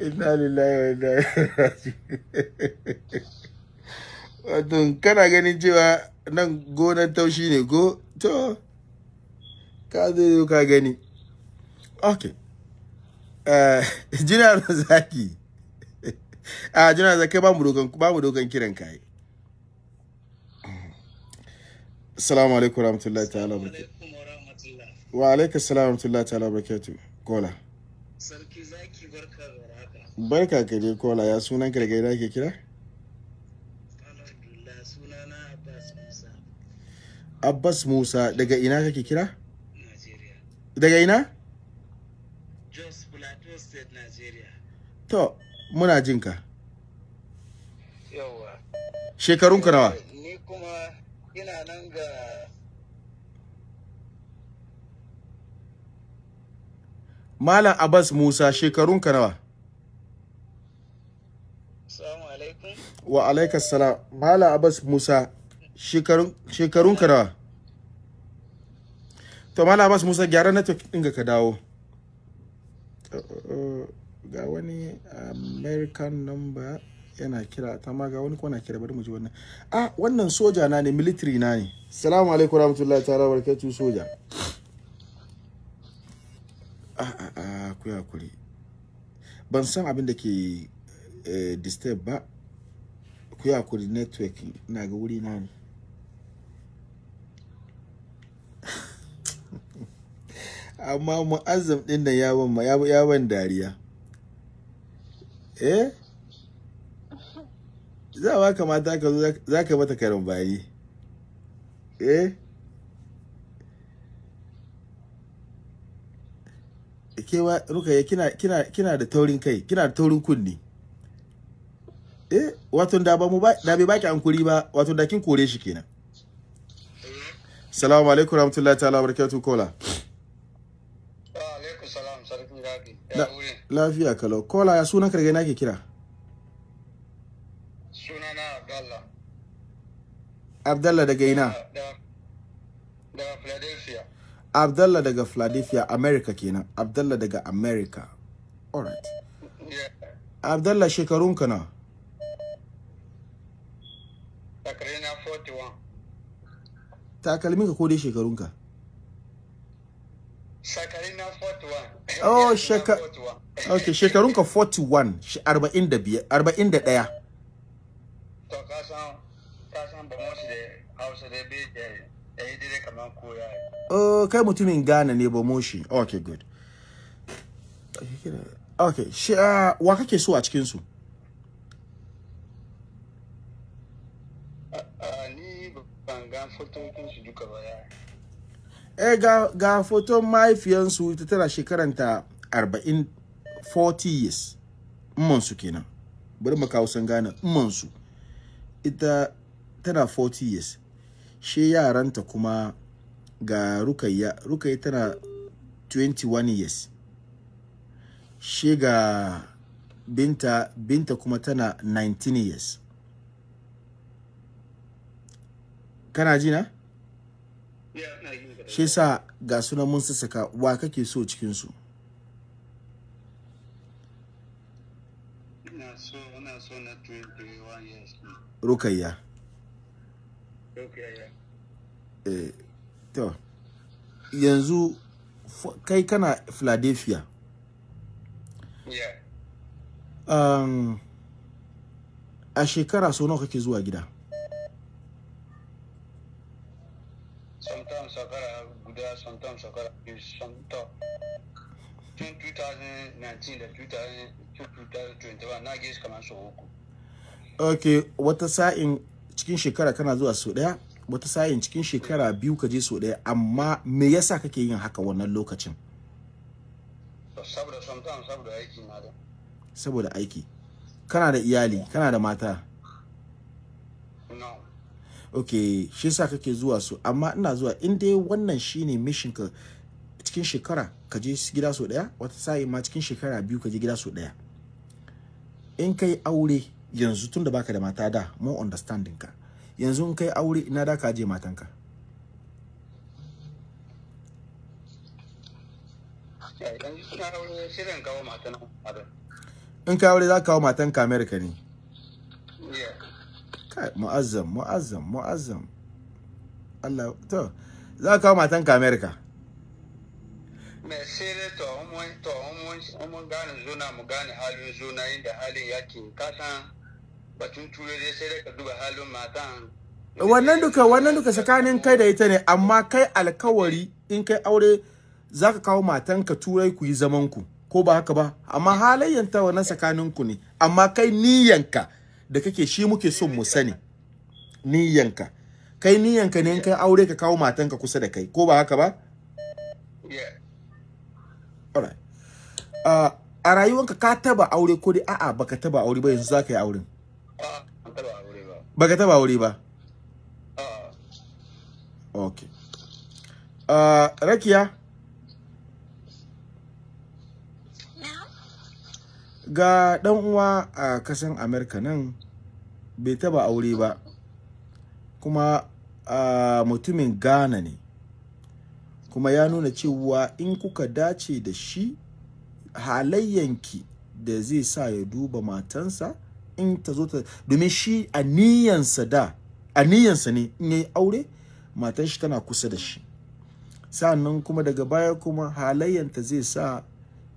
inna lillahi wa inna ilaihi raji'un kana ganin cewa nan gonan taushi ne go to ka zo ka gani okay uh, (laughs) jina zaki (laughs) a uh, jina zaki ba mu dokan ba mu dokan kiran kai assalamu alaikum warahmatullahi ta'ala wa alaikum assalam warahmatullahi ta'ala barakatuh kola sarki zaki barka ka dai kola ya sunan ka da ke kira abbas musa daga ina kake kira Nigeria. daga ina jos plateau state nigeria to muna jinka yawa shekarun ka nawa eh, ni kuma ina nan ga Malam Abbas Musa shekarun ka nawa? wa alaikas sala mala abbas musa shekarun ka to mala abbas musa gyara network din ka dawo uh, uh, ga wani american number yana kira ta ma ga wani kwana kira bari mu ji wannan ah wannan soja na ne military na ne salamu alaikum rahmatullahi ta'ala barakatuh soja ah ah ah ku kuri ban san abin da ke eh, disturb ba ku yi hakuri network ina ga wuri na ne (laughs) amma mu'azzam din nan ya ban ya ban dariya eh za wa kamata ka zo za ka mata karin bayi eh kewa ruka kina kina kina da taurin kai kina da taurin kunni eh wato da ba mu ba da bai baki ankuri ba wato da kin kore shi kenan Assalamu alaikum warahmatullahi ta'ala barakatuh kola lafiya kalau kola ya suna karge na ke kira na abdalla abdalla daga ina daga Philadelphia abdalla daga Philadelphia America kenan abdalla daga America alright yeah. Abdallah shekarunka na takalmin ko dai shekarun ka shekarun na 41 41 (laughs) da hausa da oh kai mutumin Ghana ne ba moshi okay good okay shi ah, wa kake so a cikinsu. su fotokinsu eh ga ga foton ta ita tana shekaranta 40 40 years su kenan bari mu kawo san gane su ita tana 40 years she yaranta kuma ga rukayya rukayya tana 21 years she ga binta binta kuma tana 19 years kana ji na shi sa ga sunan mun sassaka wa kake so cikin su rukayya eh to yanzu kai kana philadelphia yeah. um, a shekara so nawa kake zuwa gida sometimes shekara guda sometimes shekara biyu sometimes tun 2019 da 2021 na gaishe kamar sau uku ok wata sa'in cikin shekara kana zuwa sau daya wata sa'in cikin shekara biyu ka je sau daya amma me yasa kake yin haka wannan lokacin saboda sometimes saboda aiki na da saboda aiki kana da iyali kana da mata ok shi sa kake zuwa su amma ina zuwa in dai wannan shine mission ka cikin shekara ka je gida so daya wata sa'i ma cikin shekara biyu ka je gida so daya in kai aure yanzu tunda baka da mata da mu understanding ka yanzu in kai aure ina da ka je matanka eh, in kai aure za ka kawo matanka america ne kai mu'azzam mu'azzam mu'azzam Allah to za ka kawo matanka America me sai dai to mun to mun mun gane zuna mu gane halin zuna inda halin yake kasan batun ture dai sai dai ka duba halin matan wannan duka wannan duka tsakanin kai da ita ne amma kai alkawari in kai aure za ka kawo matanka turai ku yi zaman ku ko ba haka ba amma halayyanta wannan tsakanin ku ne amma kai niyyanka da kake shi muke son mu sani niyyanka kai niyyanka ne kai aure ka kawo matanka kusa da kai ko ba haka ba yeah. alright ah, a rayuwanka ka taba aure ko dai a'a baka taba aure ba yanzu zaka yi auren baka taba aure ba okay ah, rakiya ga dan uwa a kasan amerika nan bai taba aure ba kuma uh, mutumin ghana ne kuma ya nuna cewa in kuka dace da shi halayyanki da zai sa ya duba matansa in ta zo ta domin shi aniyansa da aniyansa ne in yi aure matan shi tana kusa da shi sa'annan kuma daga baya kuma halayyanta zai sa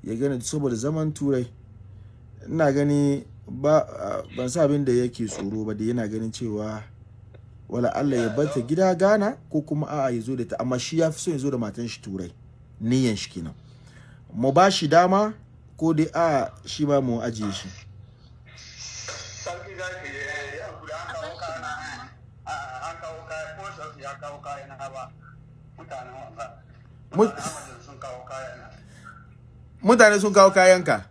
ya gane saboda zaman turai ina gani ban sa abin da yake tsoro ba da yana ganin cewa wala Allah ya bar gida gana ko kuma a'a ya zo da ta amma shi ya fi so ya zo da matan shi turai niyan shi kenan mu ba shi dama ko dai a shi ba mu ajiye shi eh, eh, mutane sun kawo kayan ka.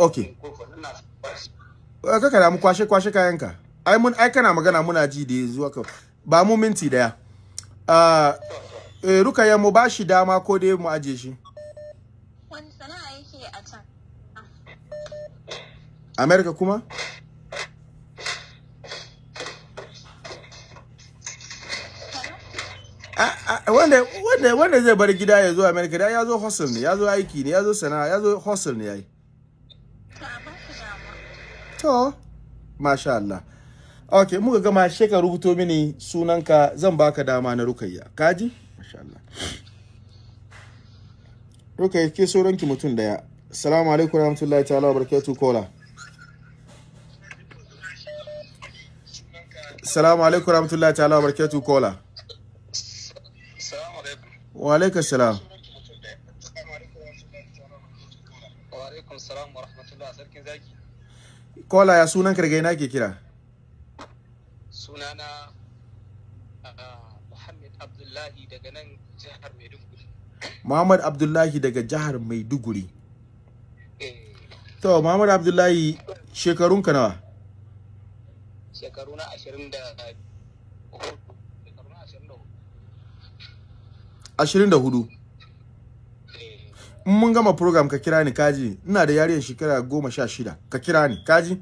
okay kaka da mu kwashe kwashe kayanka ai mun ai kana magana muna ji da zuwa ka ba mu minti daya uh, eh, rukaya mu ba shi dama ko dai mu aje shi wani sana'a yake a can america kuma ah, ah, wanda zai bar gida ya zo america da ya zo hustle ne ya zo aiki ne ya zo sana'a ya zo hustle ne ya yi to masha Allah ok muka gama sheka rubuto mini sunanka zan baka dama na rukaiya. kaji masha Allah rukayya ke ki mutum daya assalamu alaikum warahmatullahi ta'ala wabarakatuh kola Salamu alaikum rahmatullahi ta'ala wa barakatuh kola. Salamu alaikum. Wa alaikum salam. kola ya sunan karge na ke kira sunana ah, Muhammad Abdullahi daga nan jihar Maiduguri Muhammad Abdullahi daga jihar Maiduguri eh. to Muhammad Abdullahi shekarun ka nawa shekaru na 20 da hudu mun gama program ka kira ni kaji ina da yariyar shekara goma sha shida ka kira ni kaji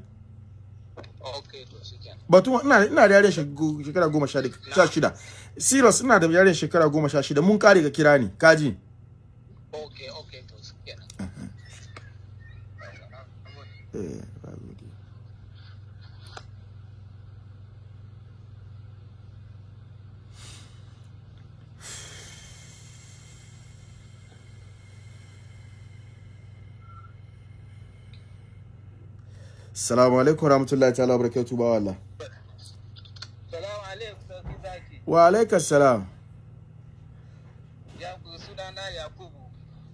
batun ina ina da yariyar shekara goma sha shida serious ina da yariyar shekara goma sha shida mun kare ka kira ni kaji okay okay to shikenan eh Assalamu alaikum wa rahmatullahi ta'ala wa barakatu ba wallah. Salamu alaikum sarki zaki. Wa alaikum salam. Yakubu sunana Yakubu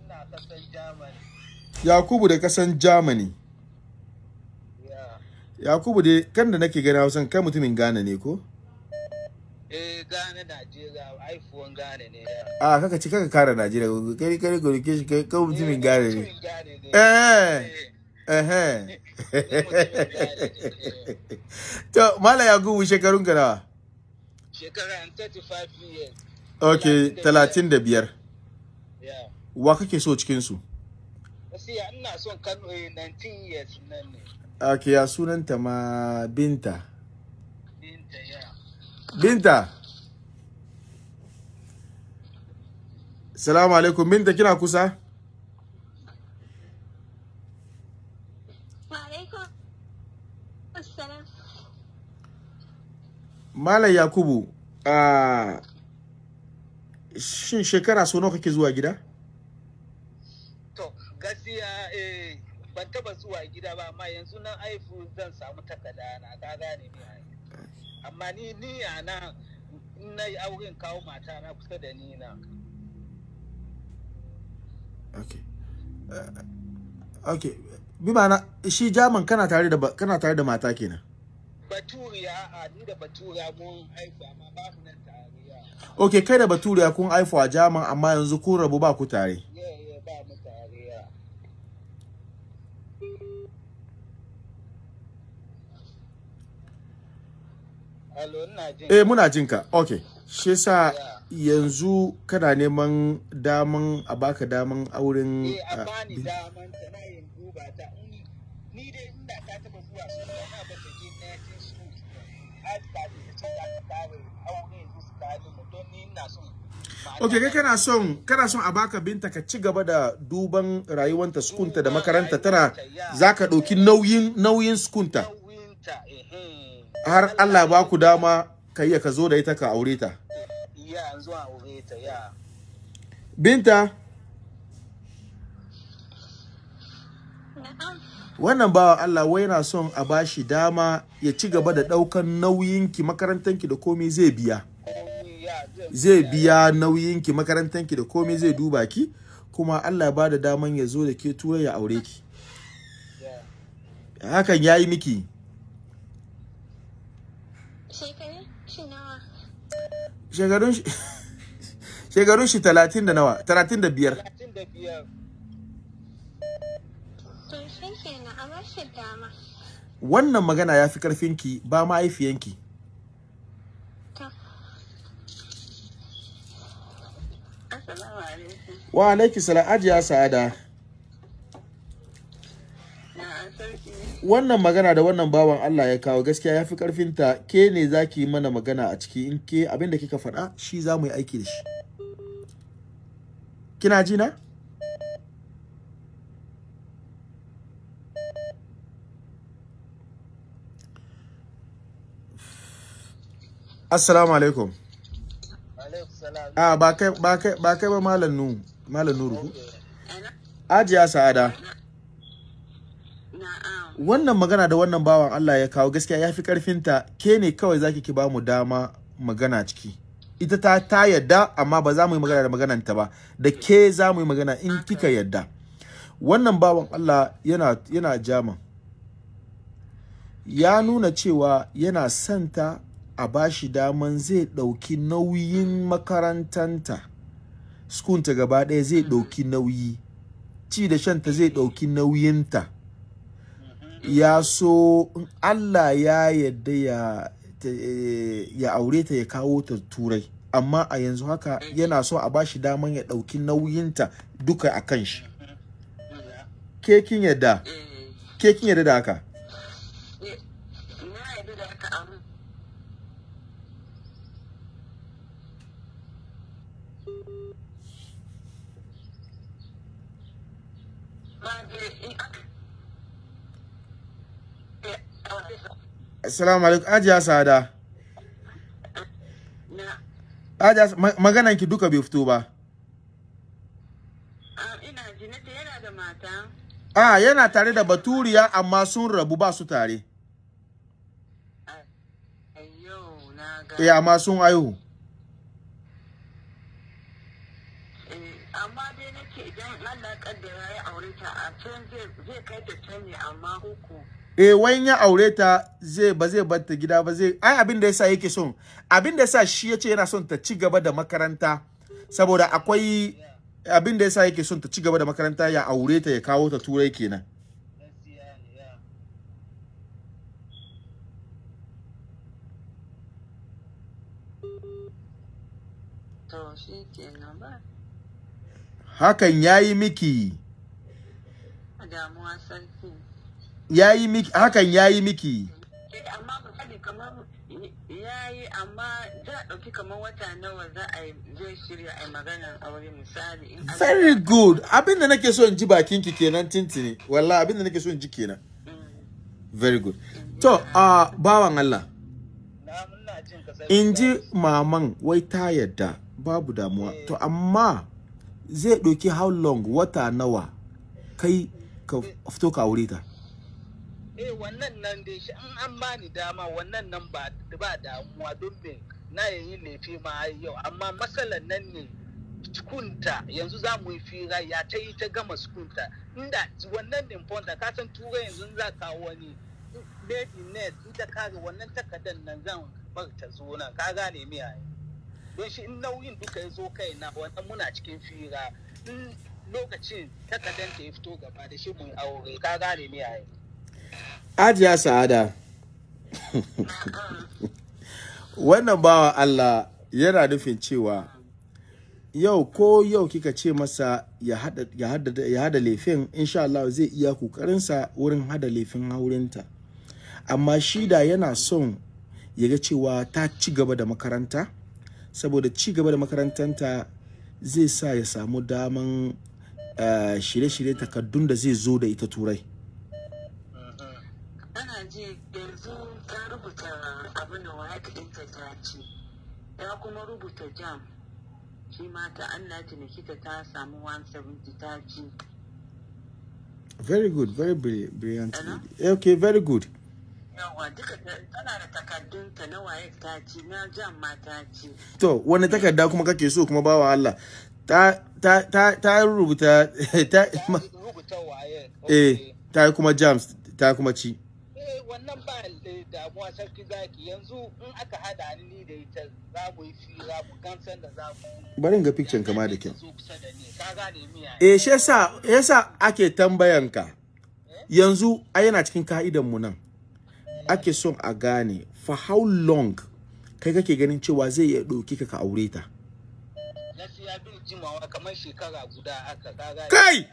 ina kasan Germany. Yakubu da kasan Germany. Yakubu dai kan da nake gani Hausan kai mutumin Ghana ne ko? Eh Ghana Najeriya haifuwan Ghana ne. Ah kaka ci kaka kare Najeriya kai kai gurke shi kai eh, mutumin Ghana ne. Eh eh eh. eh. to mala ya gubu shekarun ka nawa shekara 35 years okay 35 yeah wa kake so cikin su gaskiya ina son Kano 19 eh, years nan ne okay ya sunanta ma binta binta yeah binta salamu alaikum binta kina kusa Malam Yakubu, shin shekara so nawa kake zuwa gida? To, gaskiya eh ban taba zuwa gida ba amma yanzu nan aifu zan samu takada na ka gane ni amma ni ni na in na yi auren kawo mata na kusa da ni na. Okay. Eh, okay. Bi ma'ana shi jaman kana tare da kana tare da mata kenan. baturiya a ok kai da baturiya kun haifu a jaman amma yanzu kun rabu ba ku tare Eh muna ka. Ok, Shi sa yanzu kana neman daman a baka daman auren eh, ah, a ok kai kana son kana son a baka binta ka ci gaba da duban rayuwanta sukunta da makaranta tana za ka ɗauki nauyin nauyin sukunta har Allah ba ku dama ka iya ka zo da ita ka aure ta binta wannan bawa Allah wai yana son a bashi dama ya ci gaba da daukan nauyinki makarantanki da komai zai biya zai biya nauyinki makarantanki da komai zai duba ki kuma Allah ba da daman ya zo da ke turai ya aure ki hakan ya yi miki shekarun shi (laughs) talatin da nawa talatin da biyar wannan magana ya fi ƙarfinki, ba mahaifiyanki wa alaiki salam ya sa'ada wannan magana da wannan bawan Allah ya kawo gaskiya ya fi karfinta ke ne za ki yi mana magana a ciki in ke abin da kika faɗa shi za mu yi aiki da shi kina ji na? assalamu alaikum ah, ba kai ba malam nu nuru ajiya sa'ada wannan magana da wannan bawan Allah ya kawo gaskiya ya fi ta ke ne kawai zaki ki bamu dama magana ciki ita ta ta yadda amma ba za mu yi magana da magananta ba da ke za mu yi magana in kika yadda wannan bawan Allah yana yana jama ya nuna cewa yana santa a ba shi daman zai ɗauki nauyin makarantanta skunta gaba ɗaya zai mm-hmm. ɗauki nauyi ci da shanta zai ɗauki nauyinta ya so in allah ya yadda ya, eh, ya aure ta ya kawo ta turai amma a yanzu haka mm-hmm. yana so a ba shi daman ya ɗauki nauyinta duka a kan shi mm-hmm. kekin yadda kekin yadda da haka assalamu alaikum ajiya sada ajiya maganan ki duka bai fito ba ah, ina ji nace yana da mata a ah, yana tare da baturiya amma sun rabu ba su tare Eh, amma sun aihu. Eh, amma dai nake idan Allah kaddara ya aure ta a can zai kai ta can amma huku eh wai ya aure ta zai ba zai bar ta gida ba zai ai abin da yasa yake son abin da yasa shi yace yana son ta ci gaba da makaranta saboda akwai abin da yasa yake son ta ci gaba da makaranta ya aure ta ya kawo ta turai kenan Hakan ya yi miki. Damuwa sarki. yayi miki hakan yayi miki amma misali kamar yayi amma za a dauki kamar wata nawa za a je shirya a maganar aure misali very good abin da nake so in ji bakin ki kenan tintini wallahi abin da nake so in ji kenan mm. very good to a bawan Allah in ji maman wai ta yadda babu damuwa eh. to amma zai ɗauki how long wata nawa kai ka fito ka aure ta eh wannan nan dai shi in an bani dama wannan nan ba ba damuwa don me na yayi laifi ma yau amma matsalan nan ne sukunta, yanzu za mu yi fira ya ta yi ta gama sukunta, inda wannan fonta, ka san turai yanzu za ka wani baby net ta kare wannan takardar nan zan bar ta zo nan ka gane mi yayi don shi in nauyin duka ya zo kai na wannan muna cikin fira in lokacin takardar ta ya fito gaba da shi mun aure ka gane mi yayi Ajiya Sa'ada. Wannan bawa Allah yana nufin cewa yau ko yau kika ce masa ya hada laifin insha Allah zai iya kokarinsa wurin hada laifin haurinta. Amma shida yana son ya ga cewa ta ci gaba da makaranta saboda ci gaba da makarantanta zai sa ya samu daman eh, shirye-shirye takardun da zai zo da ita turai. ji yanzu ta rubuta abin da waya ɗinta ta ci ta kuma rubuta jam shi ma ta Allah ta ta samu 170 ta ci very good very brilliant eh, okay very good yawa duka tana da takardunta na waye ta ci na jam ma ta ci to wani takarda kuma kake so kuma bawa Allah ta ta ta ta rubuta (laughs) ta rubuta waye eh ta kuma jams ta kuma ci Eh, wannan ba damuwa sarki zaki yanzu in aka hada ni da ita za mu yi za mu gansan da za mu barin ga picture kama da kyau eh shi yasa yasa ake tambayan ka eh? yanzu a yana cikin ka'idan mu nan ake son a gane for how long kai kake ganin cewa zai iya ɗauki ka ka aure ta gaskiya bin jimawa kamar shekara guda aka kai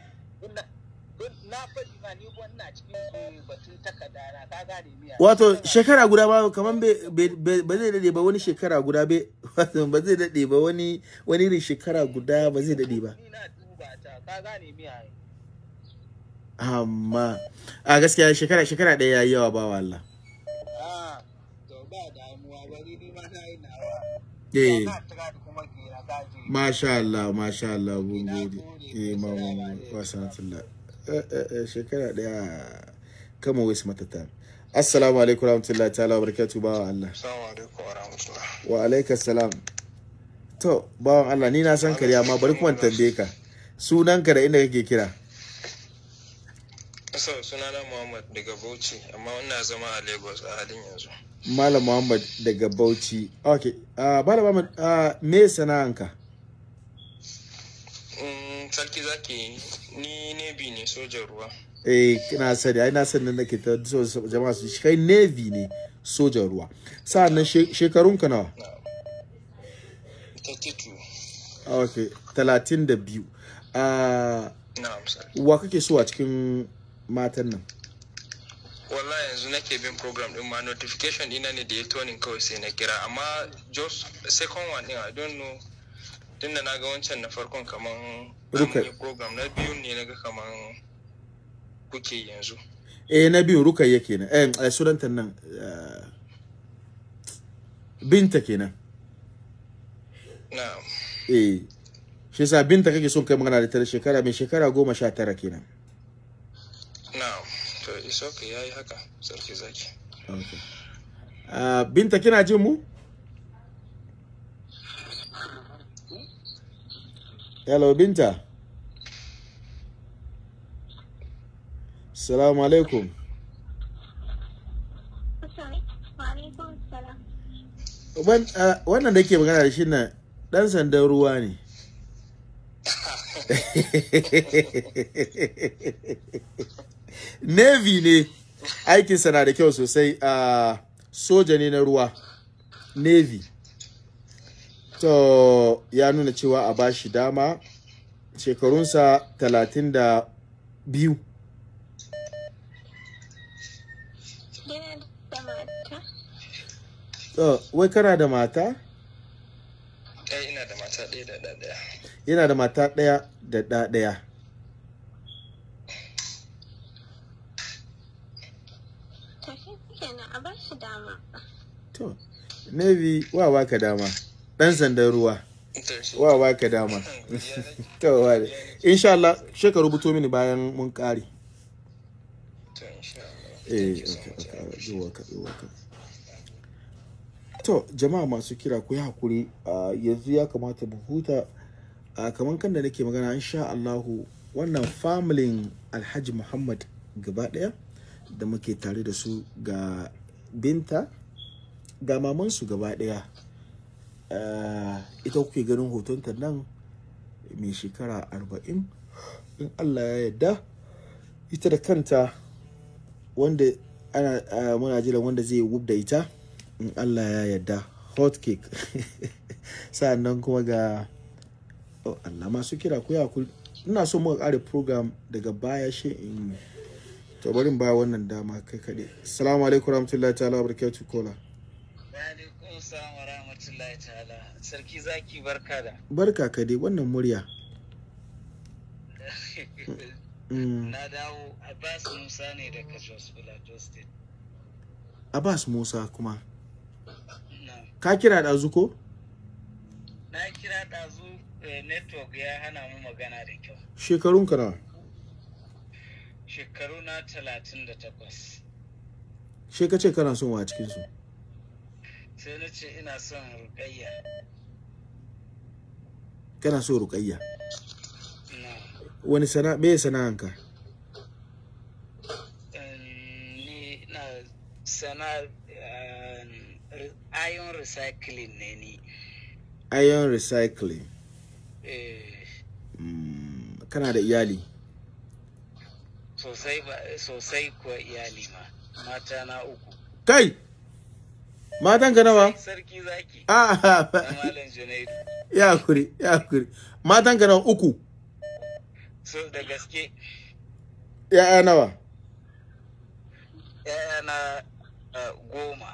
na ma ni wannan cikin batun takarda na ka gane wato shekara guda ba kaman ba zai dade ba wani shekara guda be (laughs) wato ba zai dade ba wani wani irin shekara guda ba zai dade ba ka gane amma a gaskiya shekara shekara ɗaya yayi yawa ba wallah eh masha Allah masha Allah mun gode eh mamu wa sanatullah Eh, eh, eh, shekara daya kama wai su matata assalamu alaikum rahmatullahi ta'ala barakatu bawa Allah wa alaikum salam to bawan Allah ni na san kariya ma bari kuma tambaye ka ka da inda kake kira Asau sunana Muhammad daga Bauchi amma ina zama a Lagos a halin yanzu. Malam Muhammad daga Bauchi. ok Uh, Malam Muhammad uh, me sana'anka? Mm, sarki zaki ni navy ne sojan ruwa eh kina sani ai na san nan nake ta jama'a su kai navy ne sojan ruwa sa'annan shekarun ka nawa 32 ah, okay 32 ah wa kake so a cikin matan nan wala yanzu nake bin program din ma notification dina ne da ya tonin kawai sai na kira amma just second one din i don't know tunda na ga wancan na farkon kaman yi program na biyu ne na ga kaman kuke yanzu eh na biyu biyun yake kenan eh, eh sunantan nan eh, binta kenan na'am eh shi sa binta kake son kai magana da ta shekara mai shekara goma sha tara kenan na'am to is okay yayi haka sarki zaki okay uh, binta kina jin mu hello binta salamu alaikum wannan da ke magana da shi na ɗan sandan ruwa ne (laughs) navy ne aikinsa na da kyau sosai a soja ne na ruwa navy to ya nuna cewa a bashi dama shekarunsa talatin to wai kana da mata? Eh, yana da mata ɗaya da ɗaya tafi kenan dama to navy wa baka dama dan sandan ruwa wa wa ka dama (laughs) to wale insha Allah she ka mini bayan mun kare eh, to jama'a masu kira ku yi hakuri yanzu ya kamata mu huta kaman kan da nake magana insha Allah wannan familin Alhaji Muhammad gaba daya da muke tare da su ga binta ga mamansu gaba daya Eh, ita kuke ganin hotonta nan mai shekara arba'in in allah ya yarda ita da kanta wanda ana eh, muna jiran wanda zai da ita in allah ya yarda hot cake (laughs) sa'annan kuma ga oh allah masu kira ku ya ina so muka kare program daga baya shi in to bari ba wannan dama kai kaɗai assalamu alaikum warahmatullahi ta'ala barakatuh kola wa alaikum rahmatullahi ta'ala sarki zaki barka da barka ka dai wannan murya (laughs) na mm. dawo abbas musa ne daga jos plateau state abbas musa kuma ka kira ɗazu ko na kira ɗazu eh, network ya hana mu magana da kyau shekarun ka nawa shekaru na talatin da takwas she ka ce kana son wa cikin cikinsu sai na ce ina son rukayya kana so rukayya wani sana me sana'anka ni na sana iron recycling ne ni iron recycling eh. hmm, kana da iyali sosai kuwa iyali ma mata na uku kai matan ka nawa sarki zaki ah, a malam ya kuri ya kuri matan ka nawa uku so da gaske Ya ya'ya nawa Ya ya'ya na goma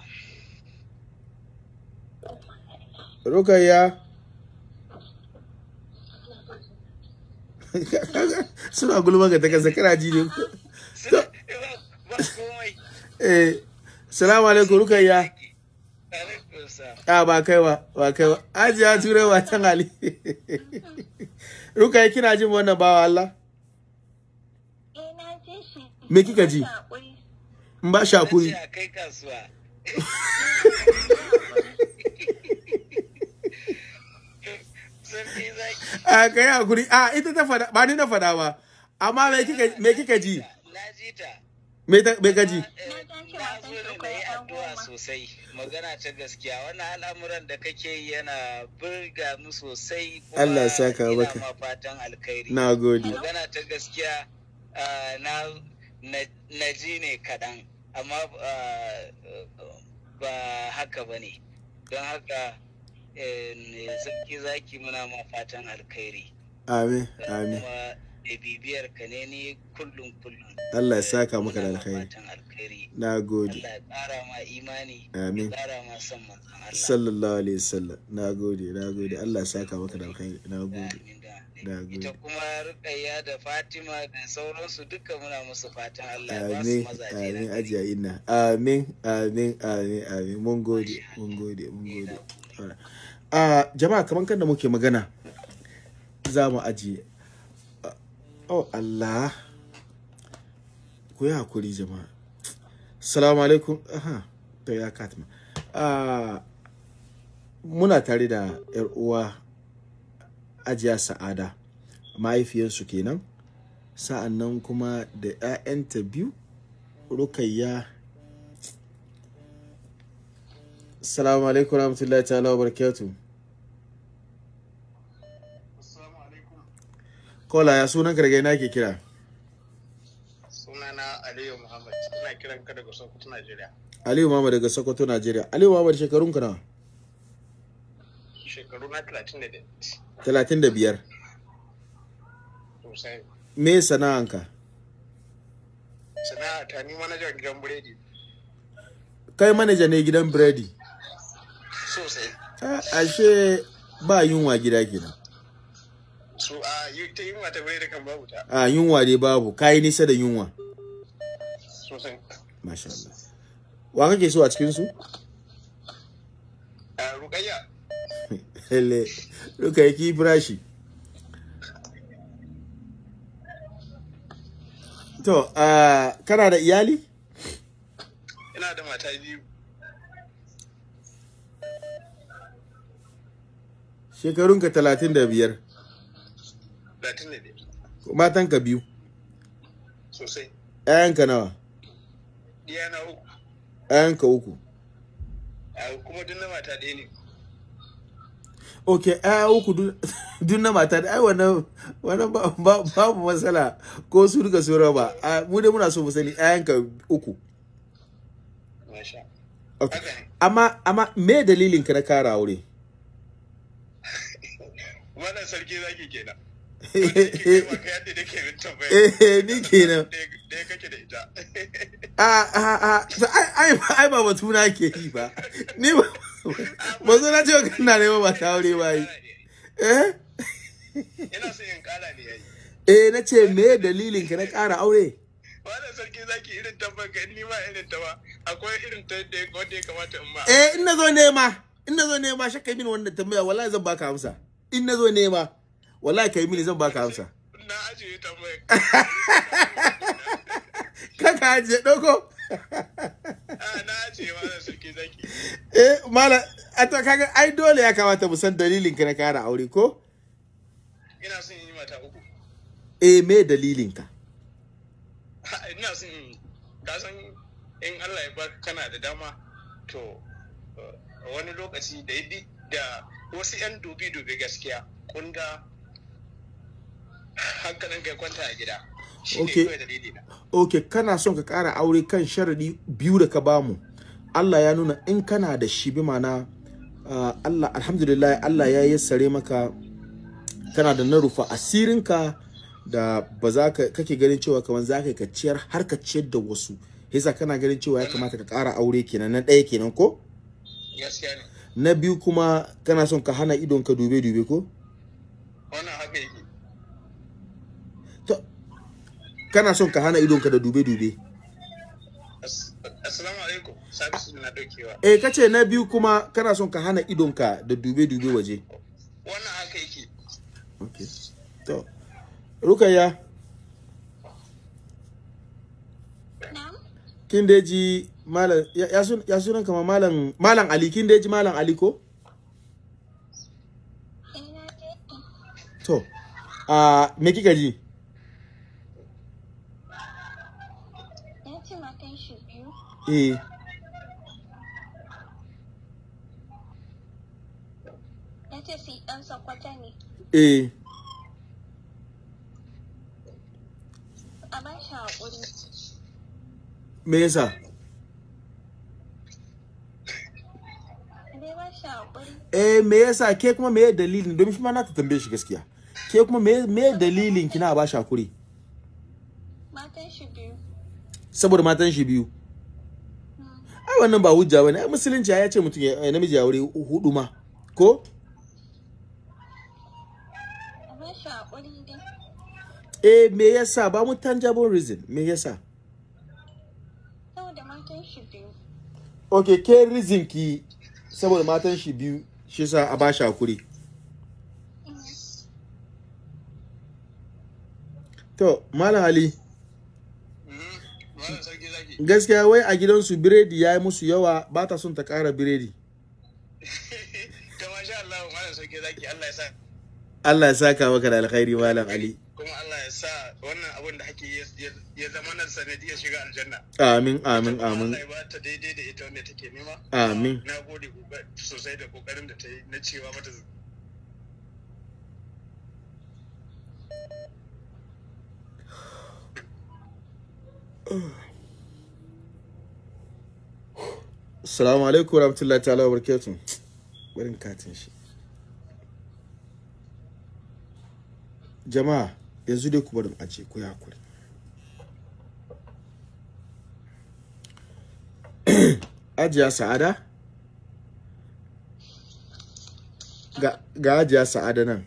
rukayya suna gulma ga takasa kana ji ne eh salamu alaikum rukayya a ah, ba kai ba ba kai ajiya turai watan ali ruka kina jin wannan bawa Allah me kika ji in ba shakuri a kai akuri a ita ta fada bani na fada amma me kika ji mai gaji sosai magana ta gaskiya al'amuran da kake yana burga mu sosai Allah ya saka baka fatan ah, ne kaɗan amma ah, ba haka ba ne don eh, zaki muna ma fatan amin amin da bibiyar ka ne ni kullum kullum Allah ya saka maka da alkhairi na gode Allah ya ƙara ma imani amin ya ƙara ma son manzon Allah sallallahu alaihi wasallam na gode na gode Allah ya saka maka da alkhairi na gode gode ita kuma rukayya da fatima da sauransu duka muna musu fatan Allah ya ba su mazaje amin ajiya inna amin amin amin amin mun gode mun gode mun gode ah, jama'a kaman kan da muke magana za mu ajiye oh Allah ku yi hakuri jama'a salamu alaikum aha to ya katima ah, muna tare da yar uwa ajiya sa'ada mahaifiyarsu kenan sa'an nan kuma da 'ya'yanta biyu rukayya salamu alaikum rahmatullahi ta'ala wa barakatuh Kola ya sunan ka na ke kira? Sunana Aliyu Muhammad, ina kiran ka daga Sokoto, Najeriya. Aliyu Muhammad daga Sokoto, Najeriya. Aliyu Muhammad shekarun ka nawa? Shekaru na 35. 35. Sosai. Me sana'anka? Sana'a ta ni manajan gidan biredi. Kai manaja ne gidan biredi? Sosai. Ah, ashe ba yunwa gida kenan. a yi ta yunwa da kan babu ta a dai babu nisa da yunwa sosai masha Allah wa kake so a cikin su ruka ki to a kana da iyali ina da mata biyu shekarunka talatin da biyar Latin ne Matan ka biyu. Sosai. ayanka nawa? ya na uku. ayanka uku. Kuma duk na mata ɗaya ne. ok ai uku (laughs) duk na mata ai wannan wannan babu matsala ko su duka su raba mu dai muna so mu sani ayanka uku okay. amma amma me dalilin ka na kara aure (laughs) wannan sarki zaki kenan Ayi kenan a ai ba batu na ke yi ba ni ba ba zo na cewa nema ba ta aure ba yi eh eh na ce me dalilin ka na kara aure wannan sarki zaki irin ka ni ma irin ta ba akwai irin ta da wanda ya kamata in ba eh in nazo nema in nazo nema shakka min wannan tambaya wallahi zan baka amsa in nazo nema wallahi kai mini zan baka amsa na ajiye tambayar kaka ajiye doko ah, na ajiye malam sarki zaki eh malam ato kaga ai dole ya kamata mu san dalilin ka na kara aure ko ina son yi mata uku eh me dalilin ka ah, ina son ka san in Allah ya baka kana da dama to eh, wani lokaci da da wasu 'yan dubi-dubi gaskiya kunda hankalin kai kwanta a gida okay kana son ka kara aure kan sharadi biyu da ka bamu Allah ya nuna in kana da shi bi mana ah, Allah alhamdulillah Allah ya yassare maka kana da narufa asirinka da ba za ka kake ganin cewa kamar za ka ciyar har ka ciyar da wasu yasa kana ganin cewa ya kamata ka kara aure kenan na ɗaya kenan ko yes, na biyu kuma kana son ka hana idon ka dube dube ko kana son ka hana idonka da dube-dube assalamu alaikum sabisu na dokewa eh kace na biyu kuma kana son ka hana idonka da dube-dube waje wannan haka yake okay to rukayya kin da ji malam ya ya sunan kama malam malam ali kin da ji malam ali ko eh, to a ah, me kika ji eh ce eh. me yasa eh me yasa ke kuma me dalilin domin shi ma na ta tambaye shi gaskiya ke kuma me me dalilin kina ba shi hakuri matan shi biyu saboda matan shi biyu wannan ba hujja bane musulunci ya ce mutum ya eh, namiji ya wuri hudu ma ko e me yasa ba mu tangible reason me yasa saboda matan shi biyu okay ke reason ki saboda matan shi biyu shi sa a ba shi hakuri mm. to malam ali gaskiya wai a gidansu biredi ya yi musu yawa ba ta sun ta ƙara biredi (laughs) Allah ya sa Allah ya maka da alkhairi malam Ali kuma Allah ya sa wannan abin da hake ya zama nan sanadiyar shiga aljanna amin amin amin Allah ya ba ta daidai da ita wanda take nema amin na gode sosai da kokarin da ta yi na cewa mata Ugh. (sighs) (sighs) Assalamu alaikum wa rahmatullahi ta'ala wa barakatun. Barin katin shi. Jama'a, yanzu dai ku barin aje ku ya kuri. (clears throat) Ajiya Sa'ada? Ga, Ajiya Sa'ada nan.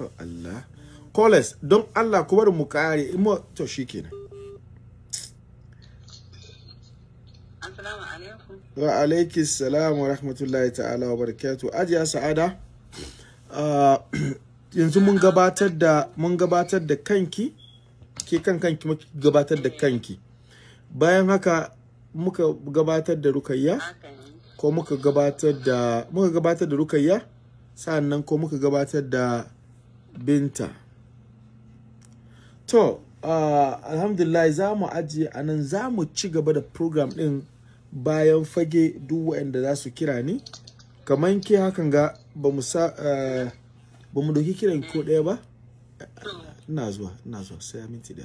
Oh Allah. Koles, don Allah ku barin mu kare, imo to kenan. wa alaiki salam wa rahmatullahi ta'ala wa barakatu ajiya sa'ada yanzu mun gabatar da mun gabatar da kanki ke kan kanki muka gabatar da kanki bayan haka muka gabatar da rukayya ko muka gabatar da muka gabatar da rukayya sannan ko muka gabatar da binta to uh, alhamdulillah za mu ajiye anan za mu ci gaba da program din bayan fage duk waɗanda za su kira ni kamar ke hakan ga ba mu sa eh, ba mu doki kiran ko ɗaya ba ina zuwa ina zuwa sai ya minti da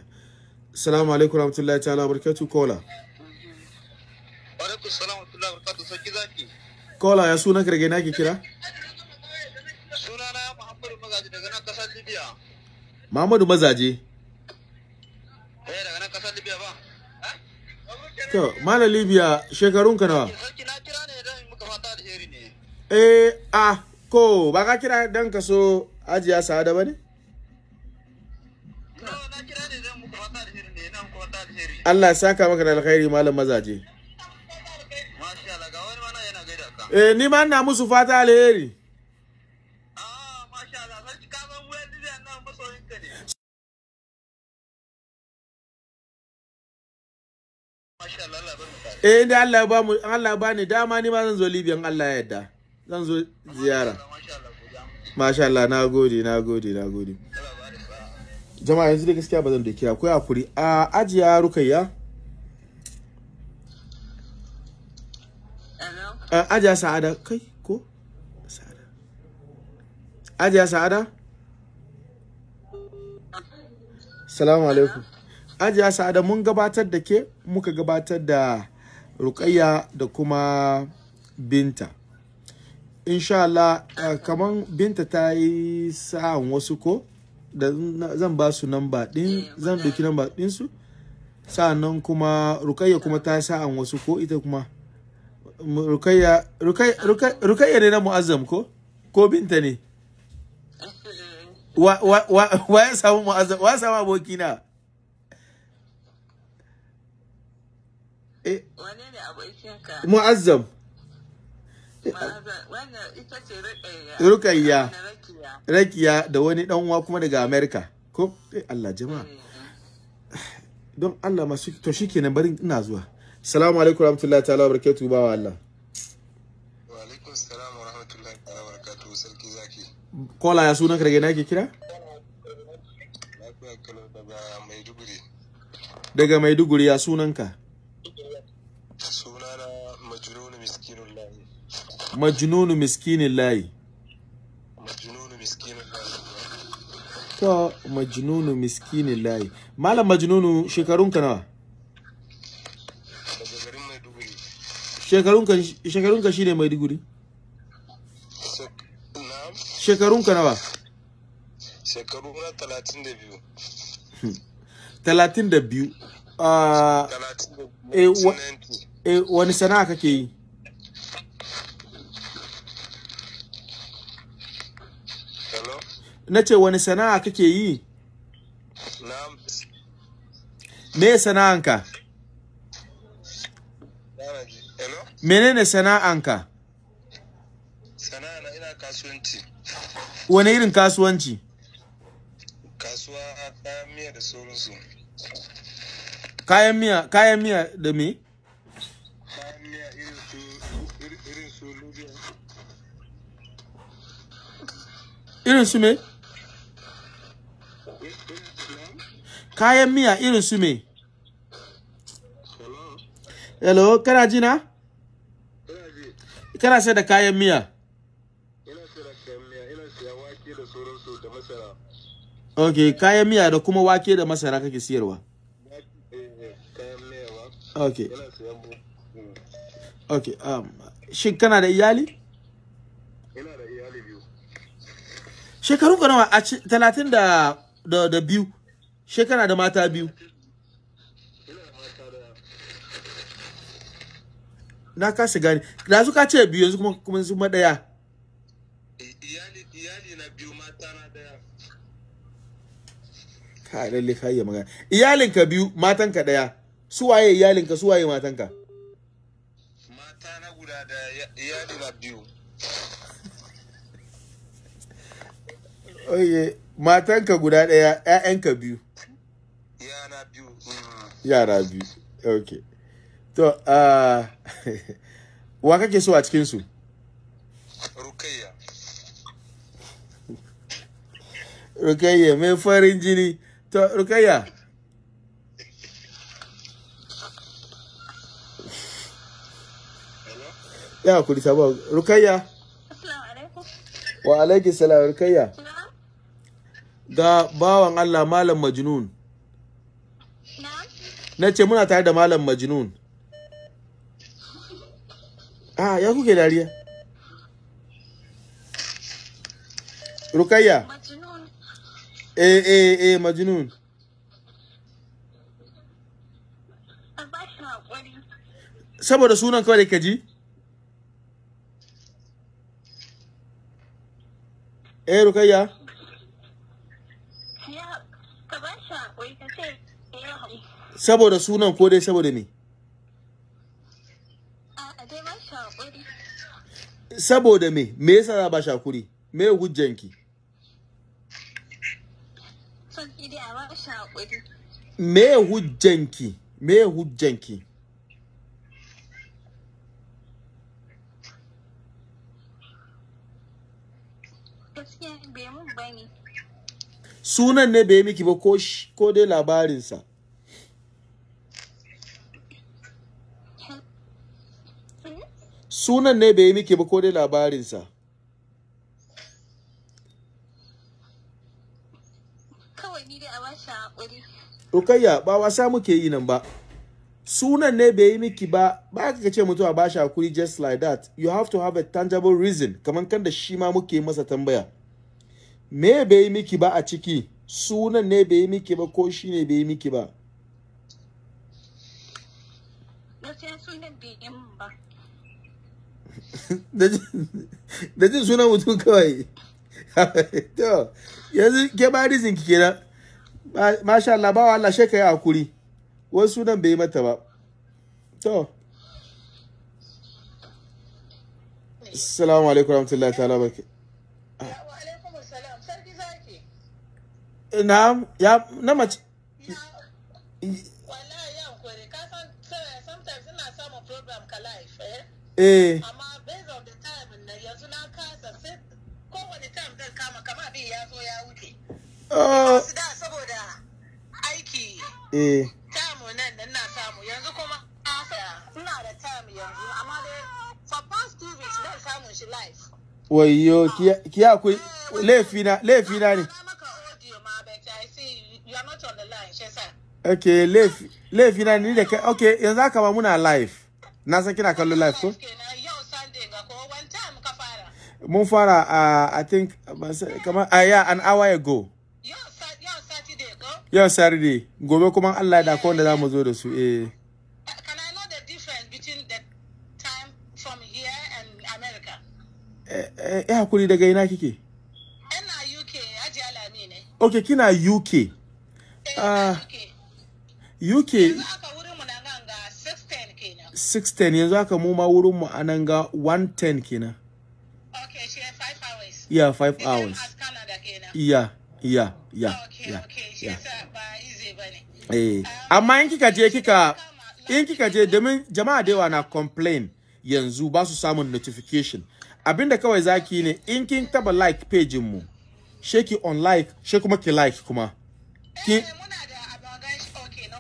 assalamu alaikum warahmatullahi ta'ala barkatu kola barakatu salam alaikum barkatu sarki zaki kola ya suna kirge na ki kira sunana muhammadu mazaji daga nan kasar libya muhammadu mazaje To, Mala Libya, ka nawa? Eh, ah, ko, ba ka kira dan ka so ajiya sa'ada ba ne? Allah saka maka da alkhairi malam mazaje. Eh, ni ma ina musu fata alheri. eh da Allah ba mu Allah ba ni dama ni ma zan zo Libya in Allah ya yarda zan zo ziyara masha Allah na gode na gode na gode jama'a yanzu da gaskiya ba zan doki akwai hakuri a ajiya rukayya ajiya sa'ada kai ko sa'ada ajiya sa'ada salamu alaikum ajiya sa'ada mun gabatar da ke muka gabatar da Rukayya da kuma binta insha Allah eh, kaman binta ta yi sa'an wasu ko da zan ba su namba din eh, zan doki namba din su sa'annan kuma Rukayya kuma ta yi sa'an wasu ko ita kuma rukayya ne na mu'azzam ko ko binta ne eh, wa wa wa ya samu mu'azzam wa ya samu abokina Eh. Wane ne abokinka? Mu'azzam. Rukayya. Rakiya da wani dan uwa kuma daga Amerika. Ko eh Allah jama'a. Eh. Don Allah masu to shikenan bari ina zuwa. Assalamu alaikum warahmatullahi ta'ala wabarakatuh ba wa Allah. Wa alaikum assalam warahmatullahi ta'ala wabarakatuh sarki zaki. Kola ya sunan karge nake kira? Daga Maiduguri ya sunanka? majnunu miskinin layi majnunu miskinin layi to majnunu miskinin layi malam majnunu shekarun ka nawa shekarun ka shekarun ka shine shekarun ka nawa shekaru na 32 32 ah eh, eh wani sana'a kake yi na ce wani sana'a kake yi me sana'anka menene sana'anka sana'a ina kasuwanci wani irin kasuwanci kasuwa kayan miya da sauransu kayan miya da me irin su irin su me kayan miya irin su me hello kana ji na kana sai da kayan miya ok kayan miya da kuma wake da masara kake siyarwa ok ok um, kana da iyali ina da iyali biyu shekaru nawa a talatin da biyu shekara da mata biyu na kasa gani da su ka ce biyu yanzu kuma kuma zuma daya iyali na biyu mata na daya ka lalle ka yi magana iyalin ka biyu matan ka daya su waye iyalin ka su waye matan ka mata na guda da iyali na biyu oye matan ka guda daya ƴaƴan ka biyu yara biyu ok to uh, (laughs) wa kake so a cikinsu rukayya rukayya mai farin jini to rukayya ya kuri sabo rukayya wa alaikisala salam rukayya ga bawan allah malam majnun na ce muna tare da malam majnun A ah, ya kuke dariya rukayya eh eh eh majnun saboda sunan kawai da ji eh rukayya saboda sunan ko dai saboda me saboda me me yasa za ba shakuri me hujjanki me hujjanki me hujjanki sunan ne bai miki ba ko dai labarinsa sunan ne bai yi miki ba ko dai labarinsa kawai ni dai a ba wasa muke yi nan ba sunan ne bai yi miki ba ba ka ce mutum a bashi hakuri just like that you have to have a tangible reason kamar kan da shi ma muke masa tambaya me bai yi miki ba a ciki sunan ne bai yi miki ba ko shi ne bai yi miki ba gaskiya sunan bai yi ba da jin sunan mutum kawai to yanzu ke ba rizin ki kenan masha Allah ba Allah sheka ya hakuri wasu sunan bai mata ba to Assalamu alaikum warahmatullahi ta'ala barke. ya na mace. Wallahi ya eh? eh. Amma Ah. da saboda aiki eh tamu nan da na samu yanzu kuma ina da tamu yanzu amma dai for past two weeks zan samu shi live wayo ki akwai eh, laifina laifina ne Okay, na ni da kai. Okay, yanzu haka ba muna live. Na san kina kallo live ko? Mun fara, ah, I think, kamar, uh, yeah, an hour ago. yau saturday gobe kuma allah da kowanne za mu zo da su eh ya eh, eh, eh, hakuri daga ina kike? Ina UK, Haji Alami ne. Ok, kina UK. Uh, UK. Yanzu aka wurin mu nan ga 610 kenan. 610 yanzu aka mu ma wurin mu a nan ga 110 kina. Ok, she 5 hours. Yeah, 5 hours. Canada kenan. Yeah, yeah, yeah. Okay, yeah. okay. Eh, eh. amma in kika je kika in kika je domin jama'a da yawa na complain yanzu ba su samun notification abinda kawai zaki ne in kin taba like page mu sheki on like she kuma ki like kuma ki eh,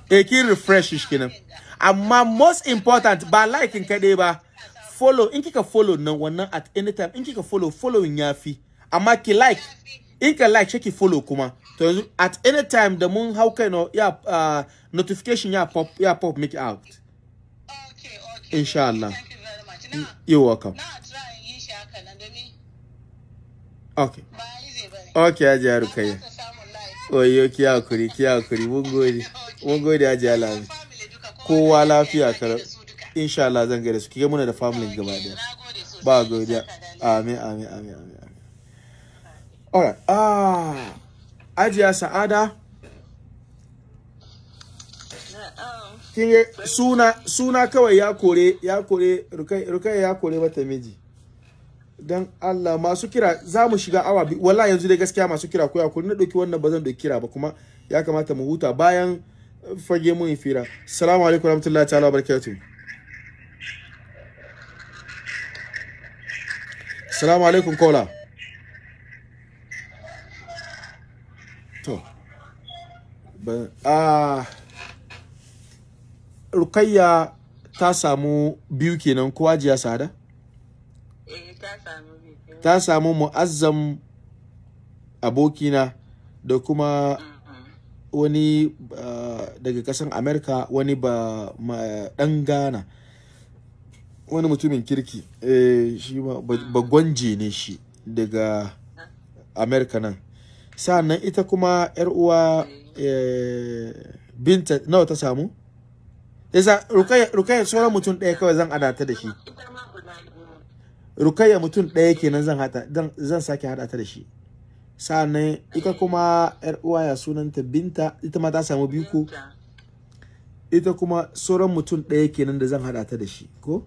eh ki refresh shi kenan amma most important ba like in kaɗai ba follow in kika follow nan wannan at any time in kika follow following ya fi amma ki like in ka like ki follow kuma to yanzu at any time da mun hau kai no ya uh, notification ya pop ya pop make out okay okay insha Allah thank you very much now, you're welcome now try yin shi haka nan domin okay okay ajiya rukaiya oyo ki hakuri ki hakuri mun gode (laughs) mun gode ajiya lami kowa lafiya kar insha Allah zan gaida su ki ga muna da family gaba daya ba godiya amin amin amin amin all right ah ajiya sa'ada suna suna kawai ya kore ya kore rukai ya kore mata miji dan Allah masu kira za mu shiga awa bi wallahi yanzu dai gaskiya masu kira ko kore na doki wannan bazan doki kira ba kuma ya kamata mu huta bayan fage mun fira assalamu alaikum warahmatullahi ta'ala wabarakatuh assalamu alaikum kola ban a rukayya ta samu biyu kenan ko ajiya sada eh, ta samu mu'azzam abokina da kuma mm-hmm. wani daga kasan amerika wani ba dan ghana wani mutumin kirki eh, shi mm. ba gwanje ne shi daga ah. amerika nan sa'annan ita kuma 'yar uwa eh. Eh, binta nawa ta samu Isa rukayya sauran mutum ɗaya kawai zan adata da shi rukayya mutum ɗaya kenan zan hata zan sake hada ta da shi sa'annan ita kuma yar uwa ya sunanta binta ita ma ta samu biyu ko ita kuma sauran mutum ɗaya kenan da zan hada ta da shi ko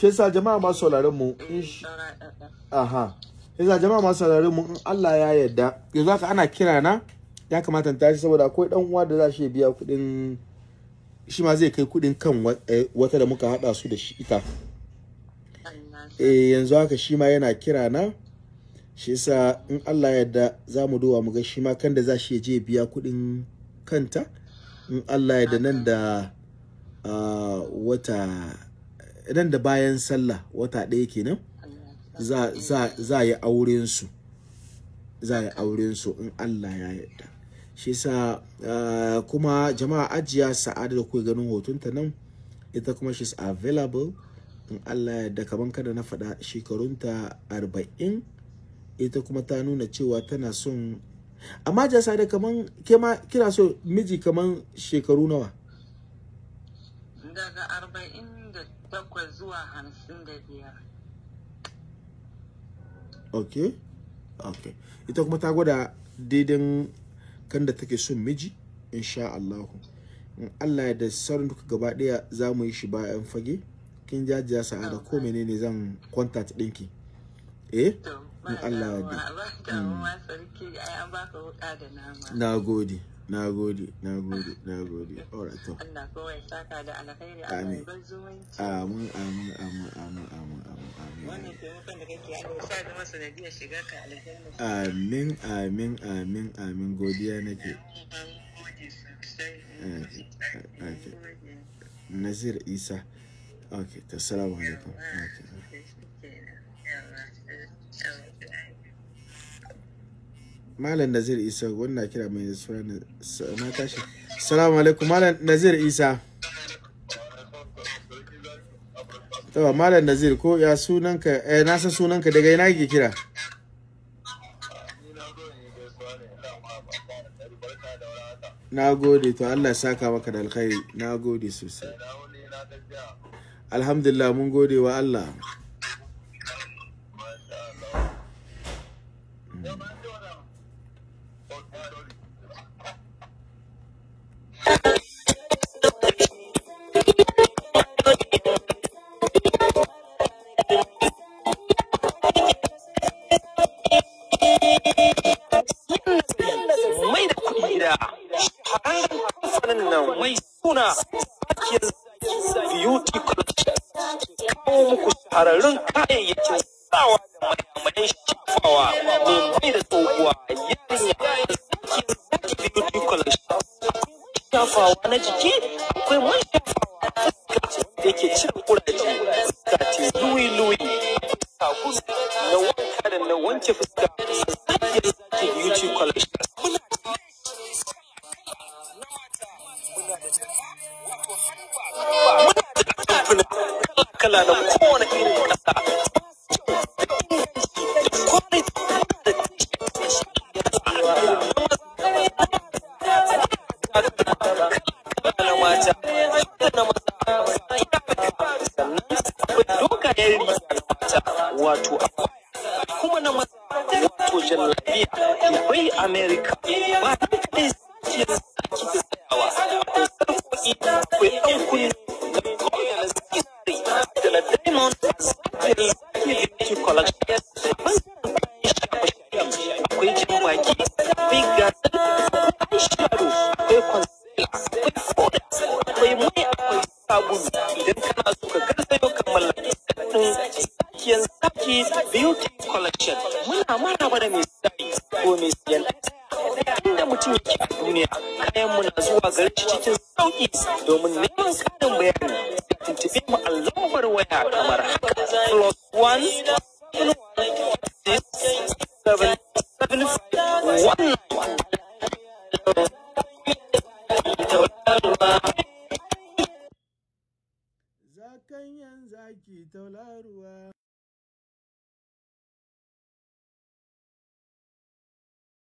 shi jama'a ma saurare mu aha shesa jama'a ma saurare mu in Allah ya yarda yanzu haka ana kira na ya kamata ta tashi saboda akwai dan uwa da za shi biya kuɗin shi ma zai kai kuɗin kan eh, wata da muka haɗa su da shi ita eh yanzu haka shi ma yana kira na shi yasa in Allah ya yarda za mu duwa mu ga shi ma kan da za shi je biya kuɗin kanta in Allah ya yarda nan da ah, wata nan da bayan sallah wata ɗaya kenan za za yi auren su za yi auren su in Allah ya yarda shi sa ah, kuma jama'a ajiya sa'ada da kuke ganin hotunta nan ita kuma she's available in Allah da kaman kada na faɗa shekarunta arba'in ita kuma ta nuna cewa tana son amma sa da kaman kira kina so miji kaman shekaru nawa daga bakwai zuwa hamsin da biyar ok ok ita kuma ta gwada daidan kan da take son miji insha Allah in Allah ya da sauran duka gaba daya za mu yi shi bayan fage kin jajiya sa'ada ko menene zan kwanta ta dinki eh in Allah ya mm. da na gode na gode na gode na gode alright to Allah kawai saka da alkhairi amin amin amin amin amin amin amin wannan taimakon da kake Allah sa zama sanadiyar shiga ka alkhairi amin amin amin amin godiya nake eh, eh, eh, Nazir Isa okay assalamu alaikum okay Malam Nazir Isa wannan kira mai sura na tashi. Assalamu alaikum Malam Nazir Isa. Tawa Malam Nazir ko ya sunanka eh na san sunanka daga ina kike kira? Na gode to Allah ya saka maka da alkhairi. Na gode sosai. Alhamdulillah mun gode wa Allah.